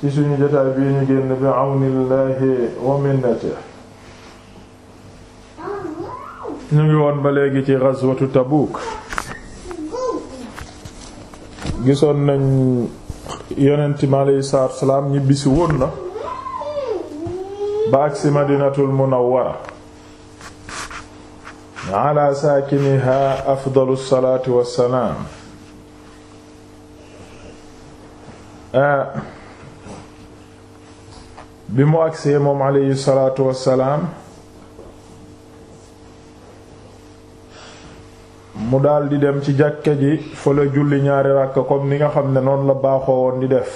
ci suñu jotaay bii ñu génn bi àwnillaahi wa minnati ñu ngi woon ba léegi ci ghazwatu Tabuuk gisoon nañ yonent mi alayhi salaatu wa salaam ñibbisi woon na ba agsi Madinatul Munawwara ala saakiniha afdalu salaatu wassalaam ah. bi mu agsee moom aleyhi salaatu wassalaam mu daldi dem ci jàkke ji fa la julli ñaari ràkk comme ni nga xam ne noonu la baaxoo woon di def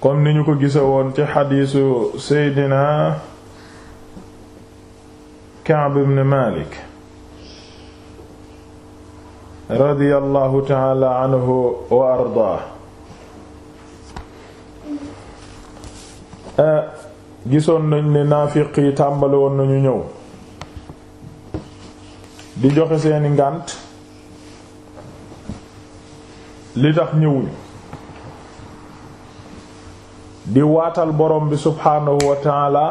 comme ni ñu ko gise woon ci xadiisu seydina Kaab ibn Malik radiyallahu taala anhu wa ardaa Eh, gisoon nañ ne naafiq yi tàmbali woon nañu ñëw di joxe seeni ngànt li tax ñëwuñu di waatal borom bi subhaanahu wa taala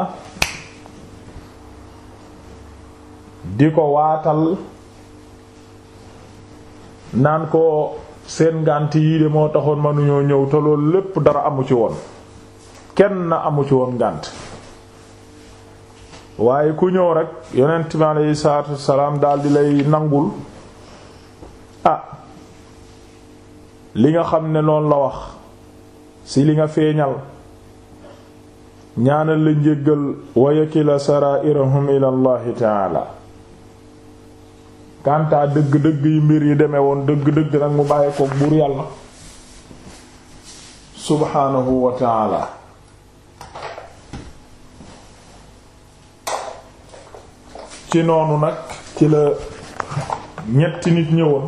di ko waatal naan ko seen ngànt yi de moo taxoon mënuñoo ñëw te lépp dara amu ci woon kenn amu ci woon ngànt waaye ku ñëw rekk yonent bi aleyhi salaam wassalaam di lay nangul ah li nga xam ne noon la wax si li nga feeñal ñaanal la njéggal wa yakila sarairahum ila allahi taala dëgg-dëgg yi mbir yi deme woon dëgg-dëgg nag mu bàyyi ko buur yàlla subhaanahu wa taala ci noonu nag ci la ñetti nit ñëwoon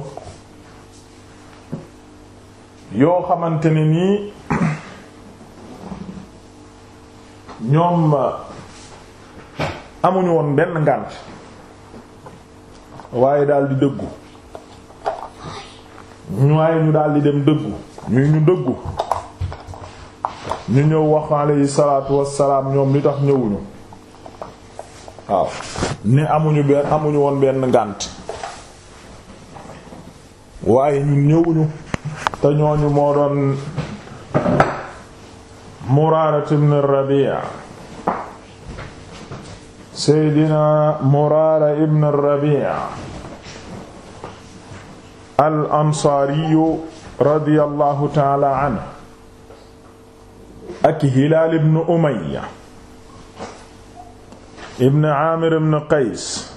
yoo xamante ne nii ñoom amuñu woon benn ngànt waaye daldi di dëggu ñu waaye ñu daal dem dëggu ñuy ñu dëggu ñu ñëw wax alayhi salaatu wassalaam ñoom li tax ñëwuñu waaw ne amuñu benn gànt waaye ñun ñëwuñu te ñooñu moo doon Muraara ibn Rabi'a Seydina Muraara ibn Rabi'a al ansaariyu radiyallahu ta'ala anhu ak Hilaal ibn Umayya ibn amir ibn qays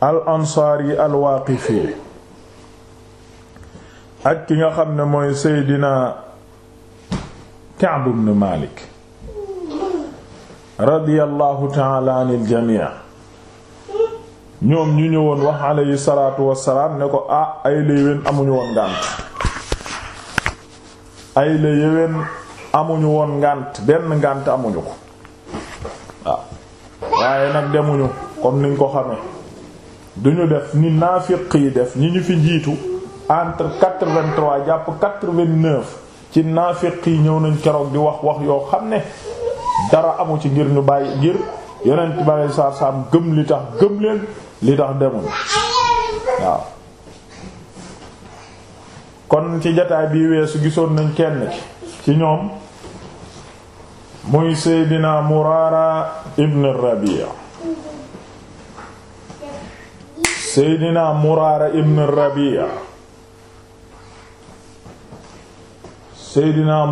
al ansaari al waaqifi ak ki nga xam ne mooy seydina Ka'b ibn Malik radiyallahu taala anil jamii ñoom ñu ñëwoon wax alayhi salaatu wassalaam ne ko ah ay amuñu woon ngànt ay amuñu woon ngànt benn ngànt amuñu ko waaye nag demuñu comme niñ ko xamee duñu def ni naafiq yi def ñi ñu fi jiitu entre quatre-vingt-trois jàpp quatre-vingt-neuf ci naafiq yi ñëw nañ keroog di wax wax yoo xam ne dara amu ci ngir ñu bàyyi ngir yonent bale saar saam gëm li tax gëm leen li tax demuñu waaw kon ci jataay bi weesu gisoon nañ kenn ci ñoom muy seydina muraara ibn rabi'a seydina muraara ibn rabi'a seydina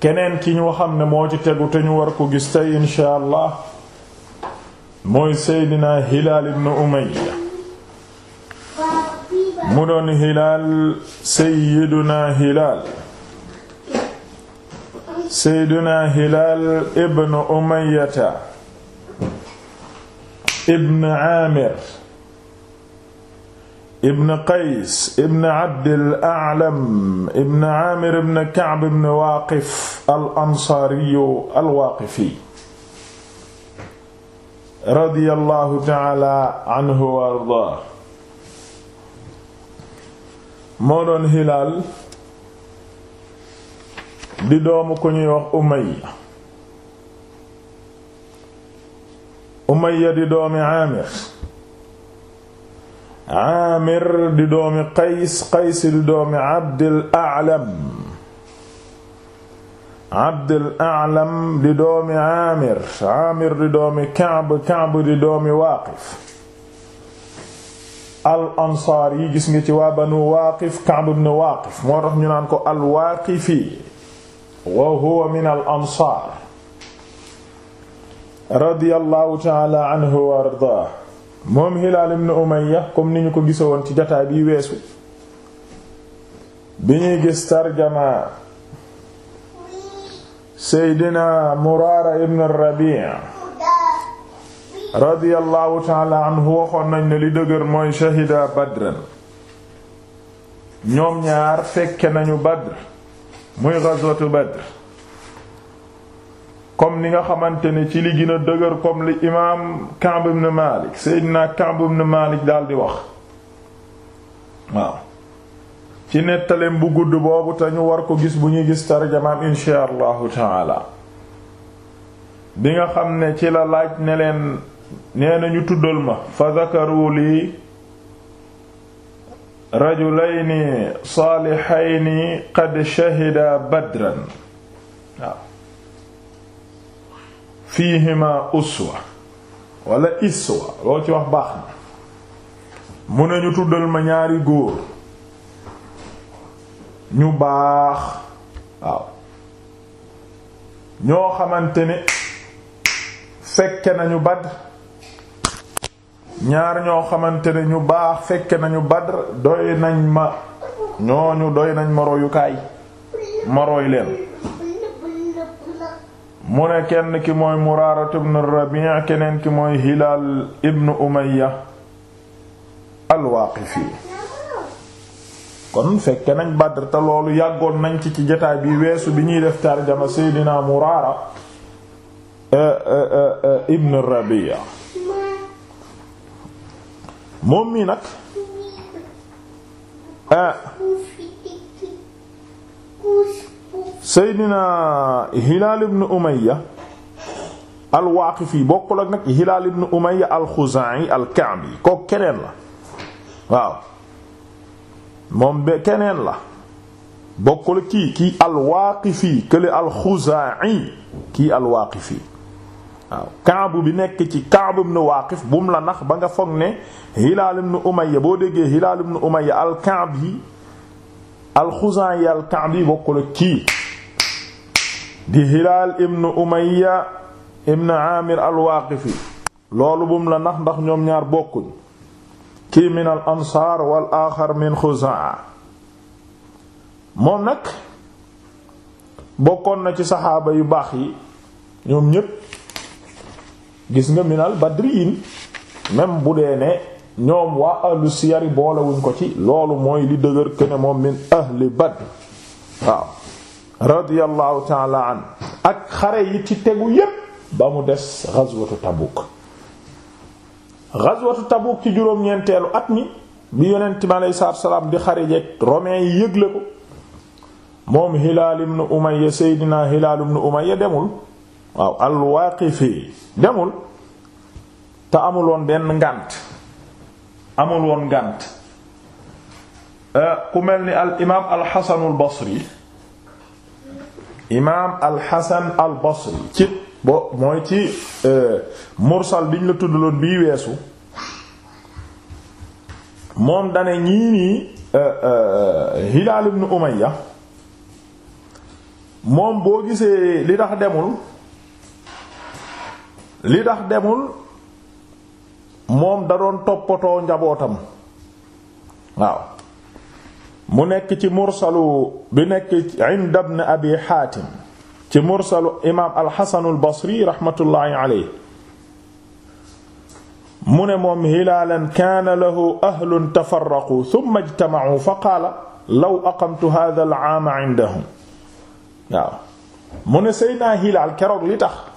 keneen ki ñu xam ne moo ci tegu te war ko gis tey insha allah mooy seydina hilaal ibn umayya mu doon Hilaal Seydina Hilaal Seydina Hilaal ibn Umayyata ibn Aamir ibn Qays ibn Abdil A'lam ibn Aamir ibn Ka'b ibn Waaqif al-Ansaari al-Waaqifi radiyallahu ta'ala anhu wa ardaahu moo doon Hilaal di doomu ku ñuy wax Umayya Umayya di doomi Aamir Aamir di doomi Qays Qays di doomi Abdul A'lam Abdul A'lam di doomi Aamir Aamir di doomi Ka'b Ka'b di doomi Waaqif al ansaar yi gis ci waa banu waaqif Ka'b ibn Waaqif moo tax ñu naan ko al waaqifi wa huwa min al ansaar radiyallahu ta'ala anhu wa ardaa moom Hilaal ibn Umayya comme ni ñu ko gisoon ci jataay bi weesu bi ñuy gis Muraara ibn Rabi' radiyallahu taala anhu waxoon nañ ne li dëgër mooy shahida badran ñoom ñaar fekke nañu badr muy ghazwatu badr comme ni nga xamante ne ci li gën a dëgër comme li imaam Ka'b ibn Malik Seydina Ka'b ibn Malik daal di wax waaw ci nettaleem bu gudd boobu te ñu war ko gis bu ñuy gis tarjamaam insha allahu bi nga xam ne ci la laaj ne leen nee na ñu tuddal ma fa zakaru lii rajulayni saalihayni qad shahida badran waaw fiihima uswa wala iswa loo ci wax baax na mu ne ñu tuddal ma ñaari góor ñu baax waaw ñoo xamante ne fekke nañu Badr ñaar ñoo xamante ne ñu baax fekke nañu Badr doy nañ ma ñooñu doy nañ ma royukaay ma roy leen mu ne kenn ki mooy Muraaratu ibn Rabi' keneen ki mooy Hilaal ibn Umayya al kon fekke nañ Badr te loolu yàggoon nañ ci ci jotaay bi weesu bi ñuy def tarjama Seydina Muraara eh, eh, eh, ibn Rabi'a moom mii nag ah, Seydina Hilaal ibn Umayya al-Waaqifi bokkul ak nag Hilaal ibn Umayya al-Xuzaa'i al-Ka'bi kooku keneen la waaw moom be keneen la bokkul kii kii al-Waaqifi kële al-Xuzaa'i kii al-Waaqifi waaw Kaabu bi nekk ci Kaabu ibn Waaqif bu la nax ba nga foog ne Hilaal ibn Umayya boo déggee Hilaal ibn Umayya al-Ka'bi al-Xuzaa'i al-Ka'bi bokkul ak kii di Hilaal ibn Umayya ibn Aamir al-Waaqifi loolu bu la nax ndax ñoom ñaar bokkuñ kii min al-Ansaar wal aaxar min Xuzaa moom nag bokkoon na ci saxaaba yu baax yi ñoom ñépp gis nga minal badriin même bu dee ne ñoom waa ahlu siyari boolewuñ ko ci loolu mooy li dëgër kene moom min ahli badr waaw radiyallahu taala an ak xare yi ci tegu yépp ba mu des ghazwatu tabuk ghazwatu tabuk ci juróom-ñeenteelu at mi bi yonent bi aleyhi salaatu salaam di xare jeeg romain yi yëgle ko moom hilaal ibn umayya seydina hilaal ibn umayya demul waaw al-Waaqifii demul te amul woon benn ngànt amul woon ngànt euh, ku mel ni al imaam al-Hasanul Basri imaam al-Hasan al-Basri ci bo mooy ci euh, mursal biñ la tuddaloon bii weesu moom dane ñii nii euh, Hilaal ibn moom boo gisee li tax demul li tax demul moom daroon doon toppatoo njabootam waaw mu nekk ci mursalu bi nekk inda ibn ci mursalu imaam alxasanul basri raxmatullaahi aleyhi mu ne moom hilaalan kaana lahu ahlun tafarraqu summa ijtamacuu fa qaala law aqamtu haadha al caama cindahum waaw mu ne seydinaa hilaal keroog li tax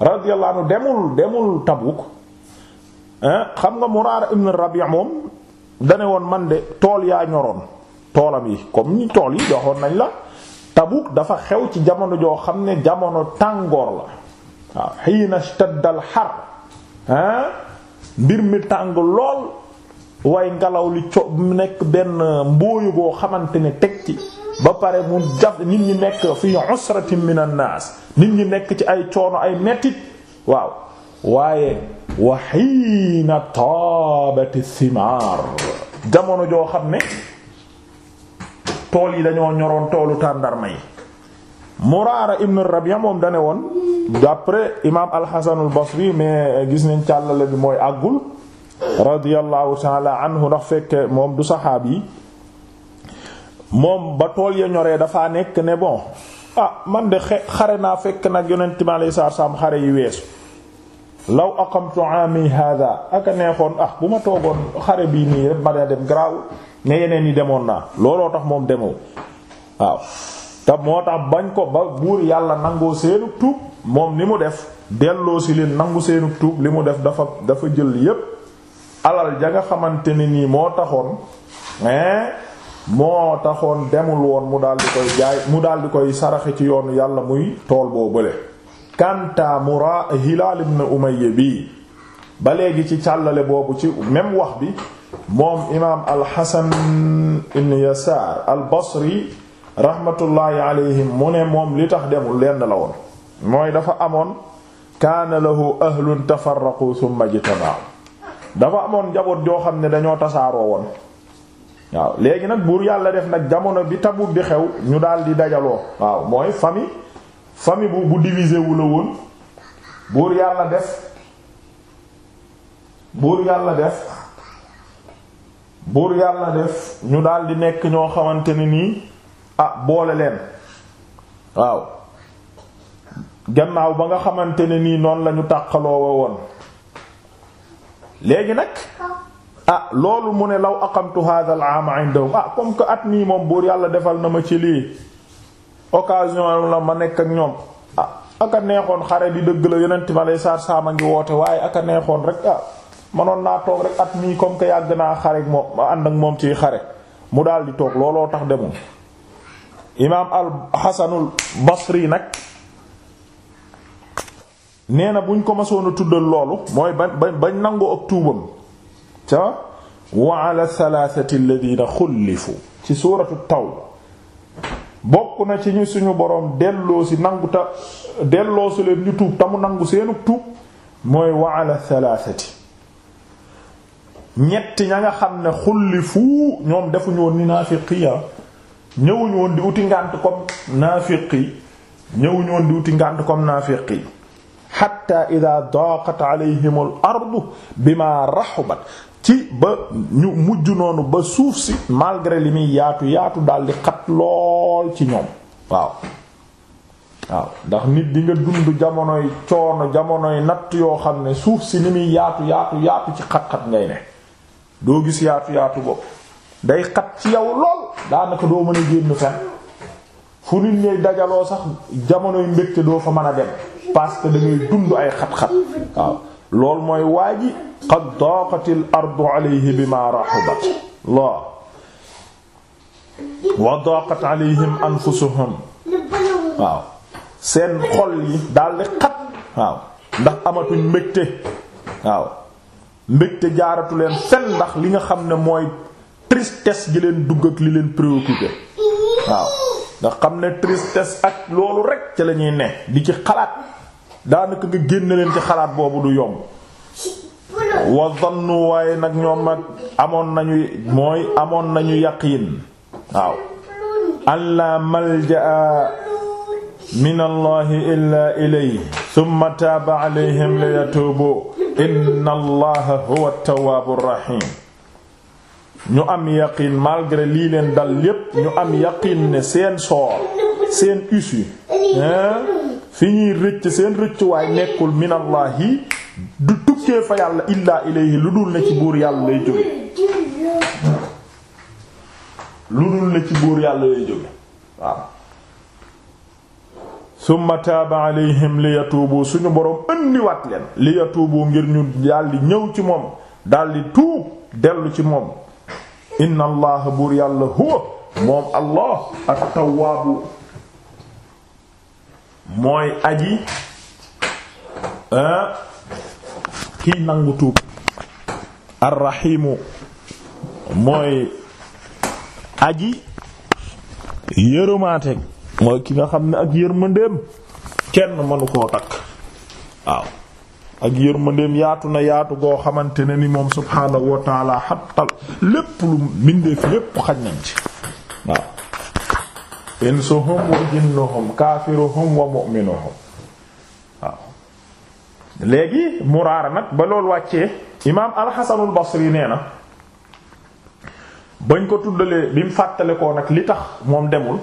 radiyallahu anhu demul demul Tabuk xam nga Muraara ibn Rabi' moom dane woon man de tool yaa ñoroon toolam yi comme ni tool yi joxoon nañ la Tabuk dafa xew ci jamono joo xam ne jamono tàngoor la waaw hiina ishtadda al mbir mi tàng lool waaye ngelaw li co nekk benn mbóoyu goo xamante ne teg ci ba pare mu jaf nit ñi nekk fi usratin min an-nas nit ñi nekk ci ay coono ay mettit waaw waaye wa xiina taabati simaar jamono joo xam ne tool yi dañoo ñoroon toolu tàndarma yi Muraara ibn Rabi'a moom dane woon d'après imaam al-Hasan al-Basri mais gis nañ càllale bi mooy àggul radiyallahu ta'ala anhu ndax fekke moom du saxaabi moom ba tool ya ñoree dafaa nekk ne bon ah man de xare naa fekk nag yonent mi alayhi saam xare yi weesu law aqamtu ami hada aka neexoon ah bu ma toogoon xare bii nii rek ma dem garaaw ne yeneen yi demoon naa looloo tax moom demoo waaw te moo tax bañ ko ba buur yàlla nangoo seenug tuub moom ni mu def delloo si leen nangu seenu tuub li mu def dafa dafa jël yépp alal ja nga xamante ne nii moo taxoon moo taxoon demul woon mu daal di koy jaay mu daal koy saraxe ci yoonu yàlla muy tool boo bële kanta mura hilaal ibn umayya bi ba léegi ci càllale boobu ci même wax bi moom imaam alxasan ibn yasaar al basri rahmatullahi mu ne moom li tax demul lenn la woon mooy dafa amoon kaana lahu ahlun tafarraqu thumma ijtama'u dafa amoon njaboot joo xam ne dañoo tasaaroo woon waaw léegi nag buur yàlla def nag jamono bi Tabuk bi xew ñu daal di dajaloo waaw mooy famille famille bu bu divisé wu la woon buur yàlla def buur yàlla def buur yàlla def ñu daal di nekk ñoo xamante ne nii a ah, boole leen waaw gannaaw ba nga xamante ne nii noonu la ñu woon léegi nag. ah loolu mu ne law aqamtu hadha al am indahum ah comme que at mii moom buur yàlla defal na ma ci lii occasion la ma nekk ak ñoom ah aka neexoon xare bi dëgg la yonent ma lay saar saama ngi woote waaye aka neexoon rek ah manoon naa toog rek at mii comme que yàgg naa xare moom ma ànd ak moom ci xare mu daal di toog looloo tax demul imaam al xasanul basri nag nee na buñ ko masoon a tuddal loolu mooy ba bañ nangoo ak tuubam ca wa ala thalathati alladhina ci suuratu tawba bokk na ci ñu suñu boroom delloosi nangu ta delloosi leen ñu tuub tamu nangu seenu tuub mooy wa ala thalathati ñetti ña nga xam ne xullifu ñoom defuñu woon ni naafiqiya ah. ñëwuñu woon di wuti ngànt comme naafiqi ñëwuñu woon di uti ngànt comme naafiqi hatta idha daqat alayhim al ardu bima rahubat ci ba ñu mujj noonu ba suuf si malgré li muy yaatu yaatu daldi xat lool ci ñoom waaw waaw ndax nit di nga dund jamonoy coono jamonoy natt yoo xam ne suuf si ni muy yaatu yaatu yaatu ci xat-xat ngay ne doo gis yaatu yaatu bopp day xat ci yow lool daanaka doo mën a génn fen fu nit ñay dajaloo sax jamonoy mbégte doo fa mën a dem parce que da ngay dund ay xat-xat waaw loolu mooy waa ji qad daqatil ardu alayhi bima rahabat la wa daqat alayhim anfusuhum waaw seen xol yi daldi xat waaw ndax amatuñ mbégte waaw mbégte jaaratu leen fen ndax li nga xam ne mooy tristesse gi leen dugg ak li leen préoccupé waaw nga xam ne tristesse ak loolu rek ci la ñuy ne di ci xalaat daanaka nga génne leen ci xalaat boobu du yomb wa zannu waaye nag ñoom nag amoon nañu mooy amoon nañu yaqiin waaw an la malja'a min allahi illa ilayhi thumma taaba alayhim liyatuubu inna allaha huwa at-tawwaabu ñu am yaqiin malgré lii leen dal yépp ñu am yaqiin ne seen soor seen issue hein fi ñuy rëcc seen rëccuwaay nekkul minallahi du tukkee fa yàlla illaa ilayhi lu dul ne ci buur yàlla lay jóge lu dul ne ci buur yàlla lay jóge waaw summa taaba alayhim li yatuubu suñu boroom ëndiwaat leen li yatuubu ngir ñu daldi ñëw ci moom daldi tuub dellu ci moom inna allaha buur yàlla huwa moom allah at-tawwaabu mooy aji ah, kii nangu tuub arrahimu mooy aji yërëmaate mooy ki nga xam ne ak yërmandeem kenn mënu koo takk waaw ak yërmandeem yaatu na yaatu goo xamante ne ni moom subhaanahu wa taala lépp lu mbindeef lépp xaj nañ ci waaw insuhum wa jinnuhum kaafiruhum wa mu'minuhum waaw léegi muraara nag ba loolu wàccee imaam alxasanul basri nee na bañ ko tuddalee bi mu fàttale ko nag li tax moom demul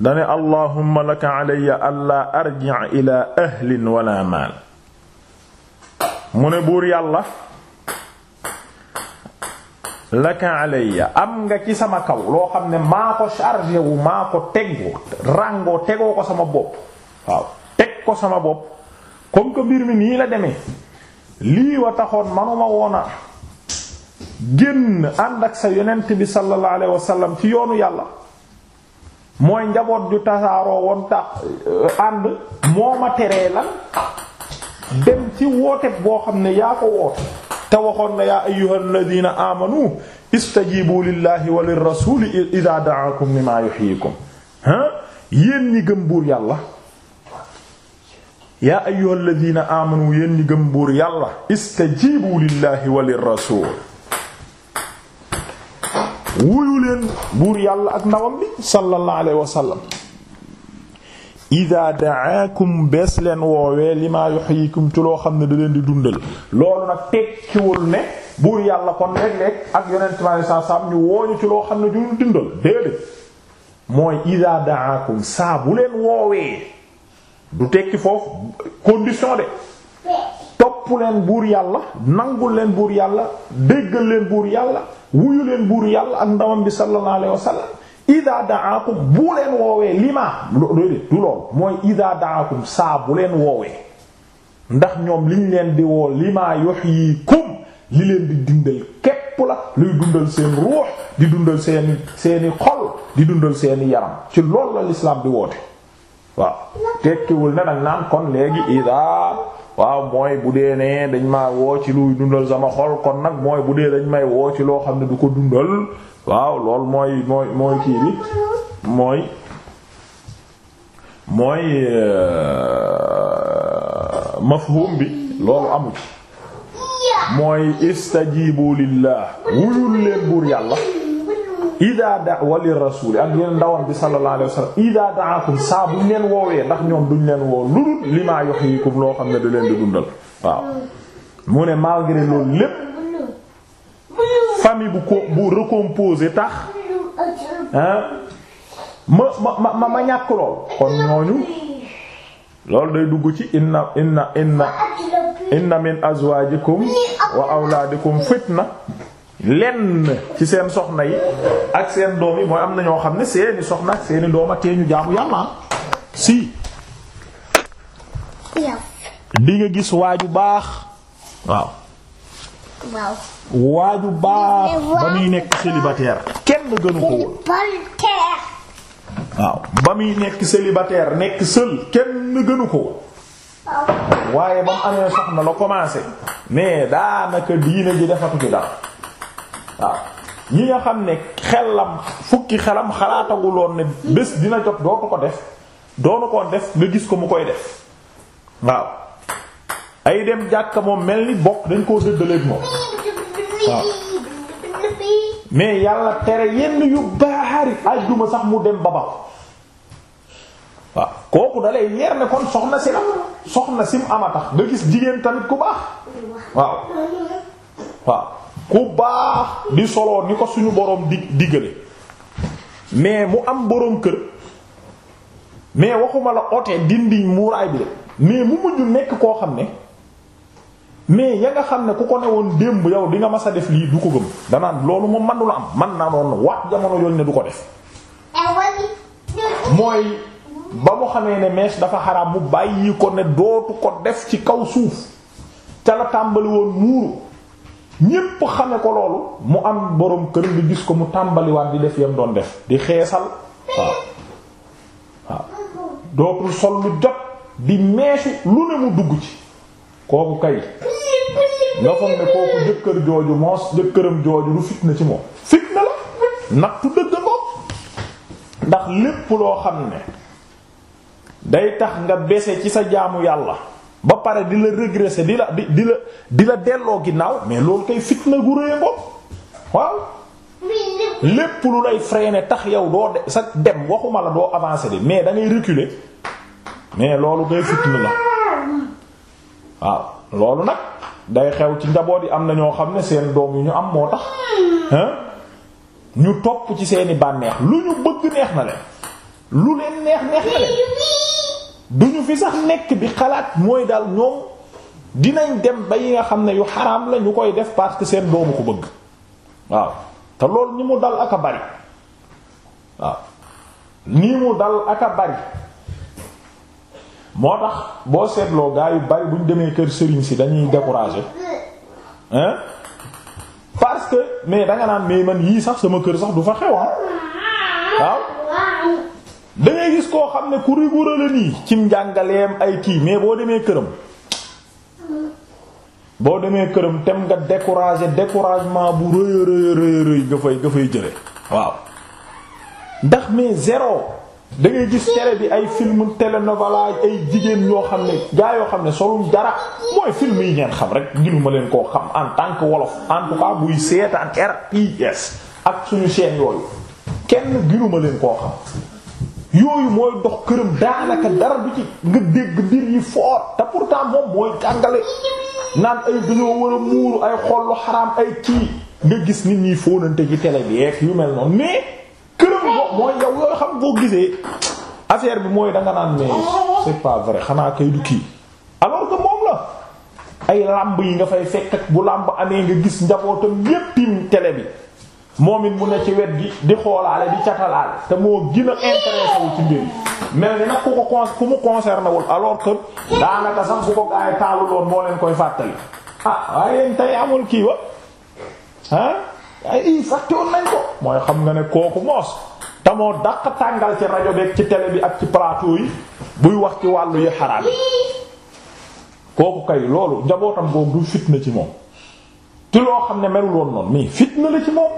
dane allahumma laka alayya alla ila ahlin wala maal mu ne buur yàlla laka alayya am nga ci sama kaw loo xam ne maa ko chargé wu maa ko tegu rango tegoo ko sama bopp waaw teg ko sama bopp comme que mbir mi nii la demee lii wa taxoon manuma woon a génn ànd ak sa yonent bi sallallahu alayhi ci yoonu yàlla mooy njaboot ju tasaaroo woon tax euh, ànd moo ma teree lan dem ci woote boo xam ne yaa ko woote te waxoon na yaa ayyuhal ladina amanu istajibu lillahi wa lirrasuli ida daakum lima yuhyikum ah yéen ñi gëm buur yàlla yaa ayyuhal ladina amanu yéen ñi gëm buur yàlla istajibu lillahi wa lirrasul wuyu leen buur yàlla ak ndawam bi sallallahu alayhi wa sallam ida daakum bees leen woowee lima yuhyikum ci loo xam ne da leen di dundal loolu nag tekkiwul ne buur yàlla kon léeg-léeg ak yonent ma saa saam ñu wooñu ci loo xam ne du dundal déedéet mooy ida saa bu leen woowee du tekki foofu condition de topp leen buur yàlla nangul leen buur yàlla déggal leen buur yàlla wuyu leen buur yàlla ak ndawam bi sallallahu alayhi ida daakum bu woowee lima du mooy ida daakum saa leen woowee ndax ñoom liñ leen di woo lima yuhyikum li leen di dindal képp la luy dundal seen ruux di dundal seeni seeni di dundal seeni yaram ci lool la woote waaw tekkiwul ne nag naan kon léegi ida waaw mooy bu dee ne dañ maa woo ci luy dundal sama xol kon nag mooy bu dee dañ may woo ci loo xam ne du ko dundal waaw lool mooy mooy mooy kii bi mooy mooy euh, mafhum bi loolu amu ci mooy istajibu lillah wuyul leen buur yàlla ida da wali rasuli ak yéen bi sallallahu alayhi wasallam ida daakum saa leen woowee ndax ñoom duñ leen woo lurul lima yuhyikum loo xam ne da leen di dundal waaw mu ne malgré loolu lépp famille bu ko bu recomposé tax ma ma ma ma ñàkk lool kon ñooñu loolu day dugg ci inna inna inna inna min azwajikum wa awlaadikum fitna lenn ci seen soxna yi ak seen doom yi mooy am na ñoo xam ne seeni soxna ak seeni doom ak ñu jaamu yàlla si di nga gis waaju baax waaw waaju baax ba muy nekk célibataire kenn gënu ko woon waaw ba muy nekk célibataire nekk seul kenn gënu ko woon waaye ba mu amee soxna la commencé mais daanaka diine ji defatu ci dara waaw ñi nga xam ne xelam fukki xelam xalaataguloon ne bés dina jot doo ko def doonu koon def nga gis ko mu koy def waaw ay dem jàkka moom mel ni bokk dañ koo dëddaleeg moom waaw mais yàlla tere yenn yu baari ajjuma sax mu dem ba ba waaw kooku dalay leer ne kon soxna si la soxna sim ama tax nga gis jigéen tamit ku baax waaw waaw ku baax di soloo ni ko suñu boroom di diggale mais mu am boroom kër mais waxuma la ote dindi muuraay bi mais mu mujj nekk koo xam ne mais ya nga xam ne ku ko newoon démb yow di nga mas a def lii du ko gëm danaan loolu moom man du am man naa noonu wax jamono yooyu ne du ko def mooy ba mu xamee ne mees dafa xaraam mu bàyyi ko ne dootu ko def ci kaw suuf ca la tàmbali muuru ñépp xame ko loolu mu am boroom kër lu gis ko mu tàmbaliwaat di def yam doon def di xeesal waaw waaw dootul sol lu jot di meesu lu ne mu dugg ci kooku kay nga foog ne kooku jëkkër jooju moo jëkkëram jooju lu fitna si moom fitna la nattu dëgg ko ndax lépp loo xam ne day tax nga bese ci sa jaamu yàlla ba pare di la régresser di di la di la delloo ginnaaw mais loolu kay fitna gu rëy ngoom waaw lépp lu lay freiner tax yow doo de sa dem waxuma la doo avancer bi mais da ngay reculer mais loolu kay fitna la waaw loolu nag day xew ci njaboot yi am na ñoo xam ne seen doom yu ñu am moo tax ñu topp ci seeni bànneex lu ñu bëgg neex na leen lu leen neex neex na leen du ñu fi sax nekk bi xalaat mooy dal ñoom dinañ dem ba yi nga xam ne yu xaram la ñu koy def parce que seen doomu ko bëgg waaw te loolu ñi mu dal ak bari waaw nii mu dal ak bari moo tax boo seetloo gaa yu bari bu ñu demee kër sëriñ si dañuy décourager hein parce que mais danga naan mais man yii sax sama kër sax du fa xew waaw da gis koo xam ne ku rigoureux la nii cim njàngaleem ay kii mais boo demee këram boo demee këram tem nga décourager découragement bu rëy rëy rëy rëy nga fay nga fay jële waaw ndax mais zéro da ngay gis télé bi ay film télénovela ay jigéen yoo xam ne gaa yoo xam ne solul dara mooy film yi ngeen xam rek ginuma leen koo xam en tant que wolof en tout cas buy seetaan RTS ak suñu chaîne yooyu kenn ginuma leen koo xam yooyu mooy dox këram daanaka dara du ci nga dégg mbir yi fort te pourtant moom mooy jàngale naan ay dañoo war a muuru ay xollu xaraam ay kii nga gis nit ñi fóonante ci télé bi yeeg yu mel noonu mais këram mooy yow yooyu xam boo gisee affaire bi mooy danga naan mais c'est pas vrai xanaa kay du kii alors que moom la ay làmb yi nga fay fekk bu làmb amee nga gis njabootam yépp tim bi moom it mu ne ci wet gi di xoolaale di catalaale te moo gën a intéressé ci mbir mel nag ku ko ku mu concerné wul alors que daanaka sax bu ko gaay taaluloon moo leen koy fàttali. ah waaye tey amul kii wa ah fàtte woon nañ ko mooy xam nga ne kooku moos. te moo dàq tàngal ci rajo beeg ci télé bi ak ci plateau yi buy wax ci wàllu yu xaraam kooku kay loolu njabootam boobu du fitna ci moom ti loo xam ne melul woon noonu mais fitna la ci moom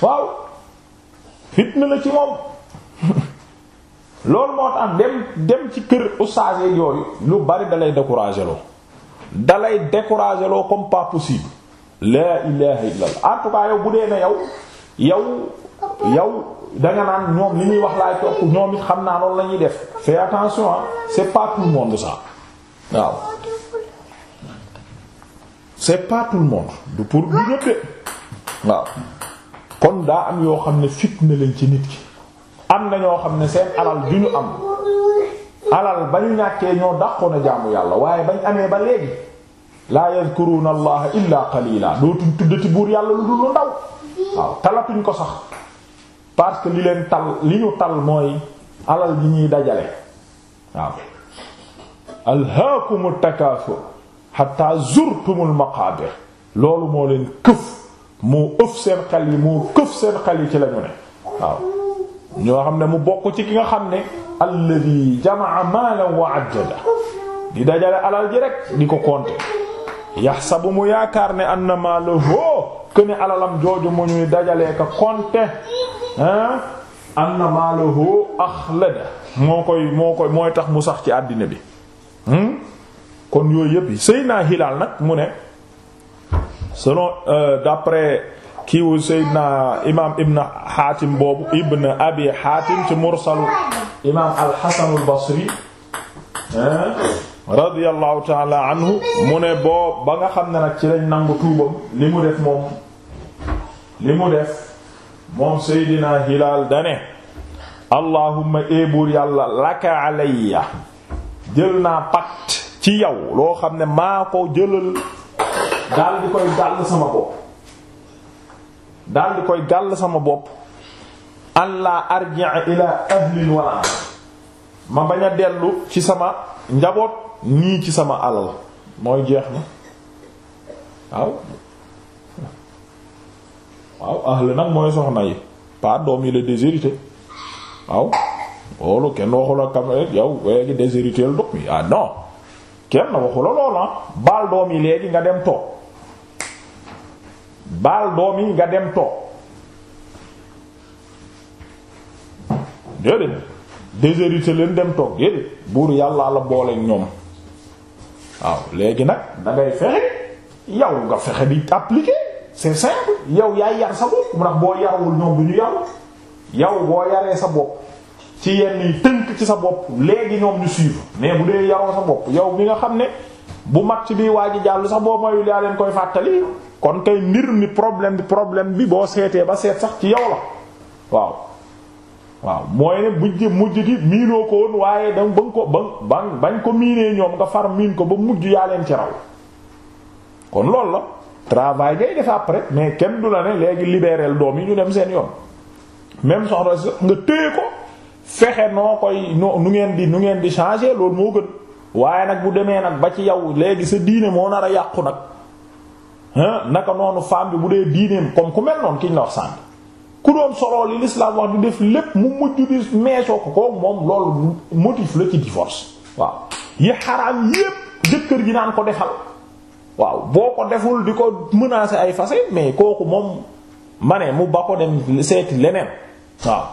waaw fitna la ci moom loolu moo tax dem dem ci kër oustaz yooyu lu bari dalay décourager loo dalay décourager loo comme pas possible la ilaha illallah en tout yow bu dee ne yow yow yow danga naan ñoom li ñuy wax laay topp ñoom it xam naa loolu lañuy def fais attention ah c'est pas tout le monde ça waaw c'est pas tout le du pour du ñépp waaw kon daa am yoo xam ne fitna leen ci nit ki am na ñoo xam ne seen alal du ñu am alal ba ñu ñàkkee ñoo dàqoon a jaamu yàlla waaye bañ amee ba léegi laa yadhkuruna allaha illa qalila dootuñ tuddati buur yàlla lu dul lu ndaw waaw talatuñ ko sax parce que li leen tal li ñu tal mooy alal ji ñuy dajale waaw alhaakumu takaasur hatta zurtumul maqaabir loolu moo leen këf moo ëf seen xel yi moo këf seen xel yi ci lañu ne waaw ñoo xam ne mu bokk ci ki nga xam ne alladi jamaa maalan wa ajjada di dajale alal ji rek di ko compter yaxsabu mu yaakaar ne annama lahu këne alalam jooju mu ñuy dajalee ko compter anna maalahu axlada moo koy moo koy mooy tax mu sax ci àddina bi hmm? kon yooyu yëpp Seydina Hilaal nag mu ne selon euh, d'après kiiwu Seydina imaam Ibn Hatim boobu Ibn Abi Hatim ci mursalu imaam al-Hasan al-Basri anhu mu ne boo ba nga xam ne nag ci lañ nangu tuubam li mu def moom li mu def moom seydinaa hilaal dane allahumma eebuur eh yàlla laka alayya jël naa pacte ci yow loo xam ne maa ko jëlal daal di koy gàll sama bopp daal di koy gàll sama bopp an laa ilaa ahlin wala ma bañ a dellu ci sama njaboot nii ci sama alal mooy jeex na waaw waaw ahli nag mooy soxna yi pas doom yi la déshérité waaw loolu kenn waxu la kam eh, yow léegi eh, déshérité la doom yi ah non kenn waxu la loolu ah. baal doom yi léegi nga dem toog baal doom yi nga dem toog déedéet déshérité leen dem toog déedéet buur yàlla la booleek ñoom waaw léegi nag dangay fexe yow nga fexe di appliquer c'est simple yow yaay yar sa bopp ndax boo yarawul ñoom du ñu yaru yow boo yaree sa bopp ci yenn yi tënk ci sa bopp léegi ñoom ñu suivre mais bu dee yaroo sa bopp yow mi nga xam ne bu match bi waa ji jàll sax boo mayul yaa leen koy fàttali kon kay ndir mi problème bi problème bi boo seetee ba seet sax ci yow la waaw waaw mooy ne mujj mujj gi miinoo ko woon waaye da ba nga ko ba bañ ko miinee ñoom nga far miin ko ba mujj yaa leen ci raw kon loolu la travail ngay def après mais kenn du la ne léegi libéral doom yi ñu dem seen yoon même soxna nga téye ko fexe noo koy noo nu ngeen di nu ngeen di changer loolu moo gën waaye nag bu demee nag ba ci yow léegi sa diine moo nar a yàqu nag naka noonu femme bi bu dee diineem comme ku mel noonu ki ñu la wax sànq ku doon soloo li l'islam wax di def lépp mu mujj di meesoo ko kooku moom loolu motif la ci divorce waaw yi xaraam yépp jëkkër ji naan ko defal. waaw boo ko deful di ko menacer ay fase mais kooku moom ma mu ba ko dem seeti leneen waaw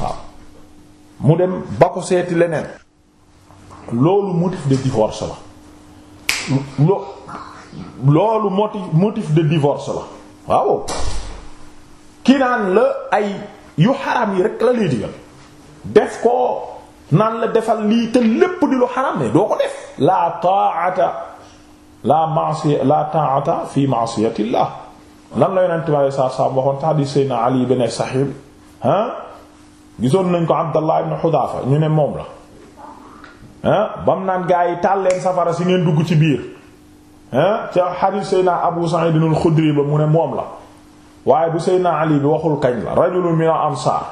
waaw mu dem ba ko seeti leneen loolu motif de divorce la lo loolu motif motif de divorce la ki naan la ay yu xaram yi rek la lay digal def ko naan la defal lii te lépp di lu xaram ne doo ko def la ta'ata la ma'siya la ta'ata fi ma'siyatillah lan la yonent bi alayhi salaam waxoon tax di Seydina Ali ibn Sahih ah gisoon nañ ko Abdallah ibn Hudhafa ñu ne moom la ah bam naan gaa yi taal safara si ngeen dugg ci biir ah ca hadith Seydina Abu Sa'id al-Khudri ba mu ne moom la waaye bu Seydina Ali bi waxul kañ la rajulun min al-ansar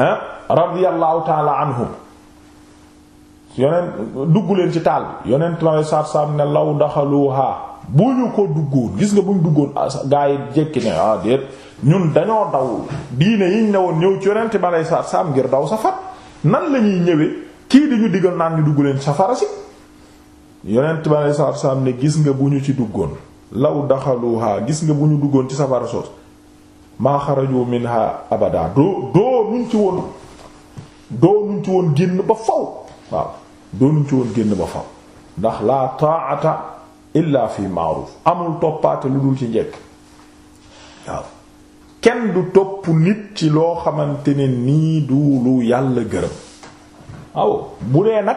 ah radiyallahu ta'ala anhum yonent dugg leen ci taal bi yonent ma saar saar ne law daxaluha bu ñu ko duggoon gis nga bu ñu duggoon ah, gaa yi jekki ne ah déet ñun dañoo daw diine yiñ ne woon ñëw ci yonent ma lay saar saam ngir daw safar nan la ñuy kii di ñu digal naan dugg leen safara si yonent ne gis nga bu ñu ci duggoon law daxaluha gis nga bu ñu duggoon ci safara soos maa xaraju minha abada doo doo nuñ ci woon doo nuñ ci woon génn ba faw waaw doonuñ ci woon génn ba faw ndax laa ata illa fi ma'ruf amul toppaate lu dul ci njekk waaw kenn du topp nit ci loo xamante ne nii du lu yàlla gërëm waaw bu dee nag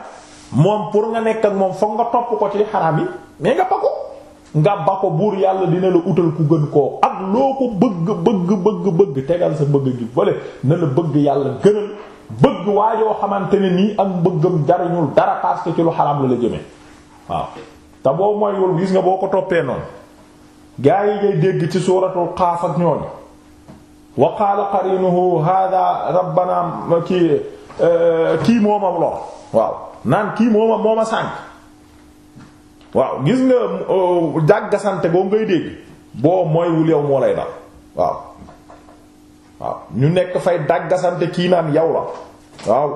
moom pour nga nekk ak moom fokk nga topp ko ci xaram yi mais nga ba ko nga ba ko buur yàlla dina la utal ku gën koo ak loo ko bëgg bëgg bëgg bëgg tegal sa bëgg gi bële na la bëgg yàlla gënal bëgg yoo xamante ni nii ak mbëggam jariñul dara parce que ci lu xaram la la jëmee waaw te boo moywul gis nga boo ko toppee noonu gaa yi ngay dégg ci suuratul xaaf ak ñooñu wa qaala qarinuhu hada rabbana kii eh, kii mooma lor waaw naan kii mooma mooma sànk waaw gis nga eh, jàggasante boo ngay dégg boo moywul yow moo lay dal waaw waaw ñu nekk fay dàggasante kii naan yow la waaw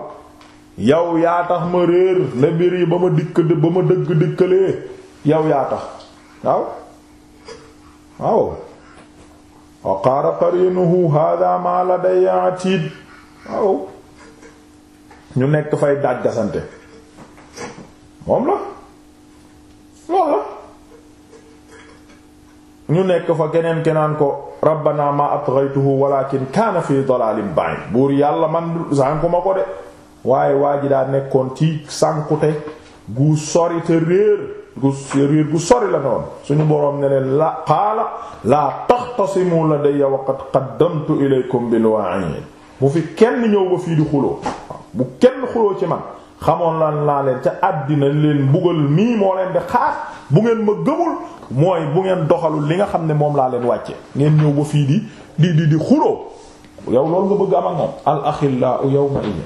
yow yaa tax ma réer la mbir yi ba ma dikk ba ma dëgg dëkkalee yow yaa tax waaw waaw wa qaala qarinuhu hada ma ladayya atid waaw ñu nekk fay dàggasante moom la loolu ñu nekk fa keneen kenaan ko rabbana ma atghaytuhu walakin kaana fi dalalin ba'id buur yàlla man sànku ma ko de waaye waa ji daa nekkoon ci sànkute gu sori te réer gu réer gu sori la noonu suñu boroom ne leen la qaala laa taxtasimu ladayya a qad qaddamtu ilaykum bil wa'id bu fi kenn ñëw ba fii di xuloo bu kenn xuloo ci man xamoon lan naa leen ca àddina leen mbugal mii moo leen di xaar bu ngeen ma gëmul mooy bu ngeen doxalul li nga xam ne moom laa leen wàcce ngeen ñëw ba fii di di di di xuloo yow loolu nga bëgg am ak moom al axillaa yawma idin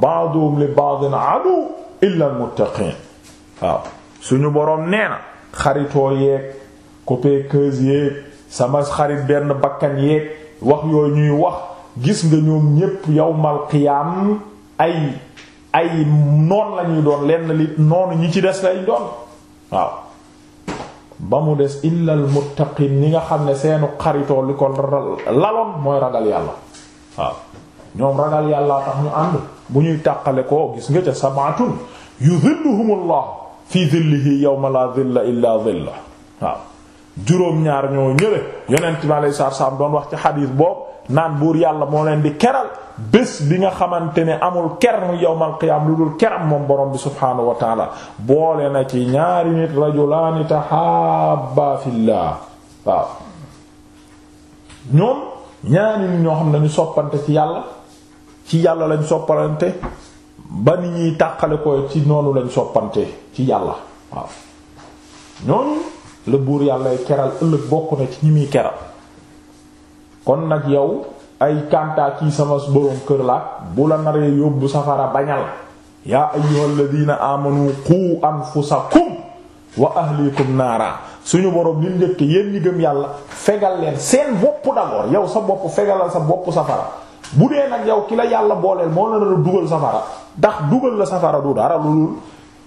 ba'duhum li ba'din adu illa al waaw suñu boroom nee na xaritoo yeeg copékeuse yeeg sama xarit benn bakkan yeeg wax yooyu ñuy wax gis nga ñoom ñépp yawmal qiyaam ay ay noon lañuy doon lenn li noonu ñi ci des lay doon waaw ba mu des illal muttaqin ñi nga xam ne seenu xaritoo li ko laloon mooy ragal yàlla waaw ñoom ragal yàllaa tax ñu ànd bu ñuy tàqale koo gis nga ca sabatun yuzilluhumullah fi zillihi yawma la zilla illa zilla waaw juróom ñaar ñoo ñële yonent bi alayhi salaam doon wax ci xadiis boobu naan buur yàlla moo leen di keral bés bi nga xamante ne amul ker mu yawmal qiyaam lu dul keram moom borom bi subhaanahu wa taala boole na ci ñaari nit rajulaani tahaabaa fillah waaw ñoom ñaari nit ñoo xam ne ñu soppante ci yàlla ci yàlla lañ soppalante ba nit ñuy tàqale ko ci noonu lañ soppante ci yàlla waaw ñooñu la buur yàlla keral ëllëg bokk na ci ñi muy keral kon nag yow ay kàntaa kii sama boroom kër laa bu la naree yóbbu safara bañal yaa ayyuhalladhina amanu qu anfusakum wa ahlikum naara suñu borom li njëkk yéen ñi gëm yàlla fegal leen seen bopp d'abord yow sa bopp fegalal sa bopp safara bu dee nag yow ki la yàlla booleel moo la dugal safara ndax dugal la safara du dara lu dul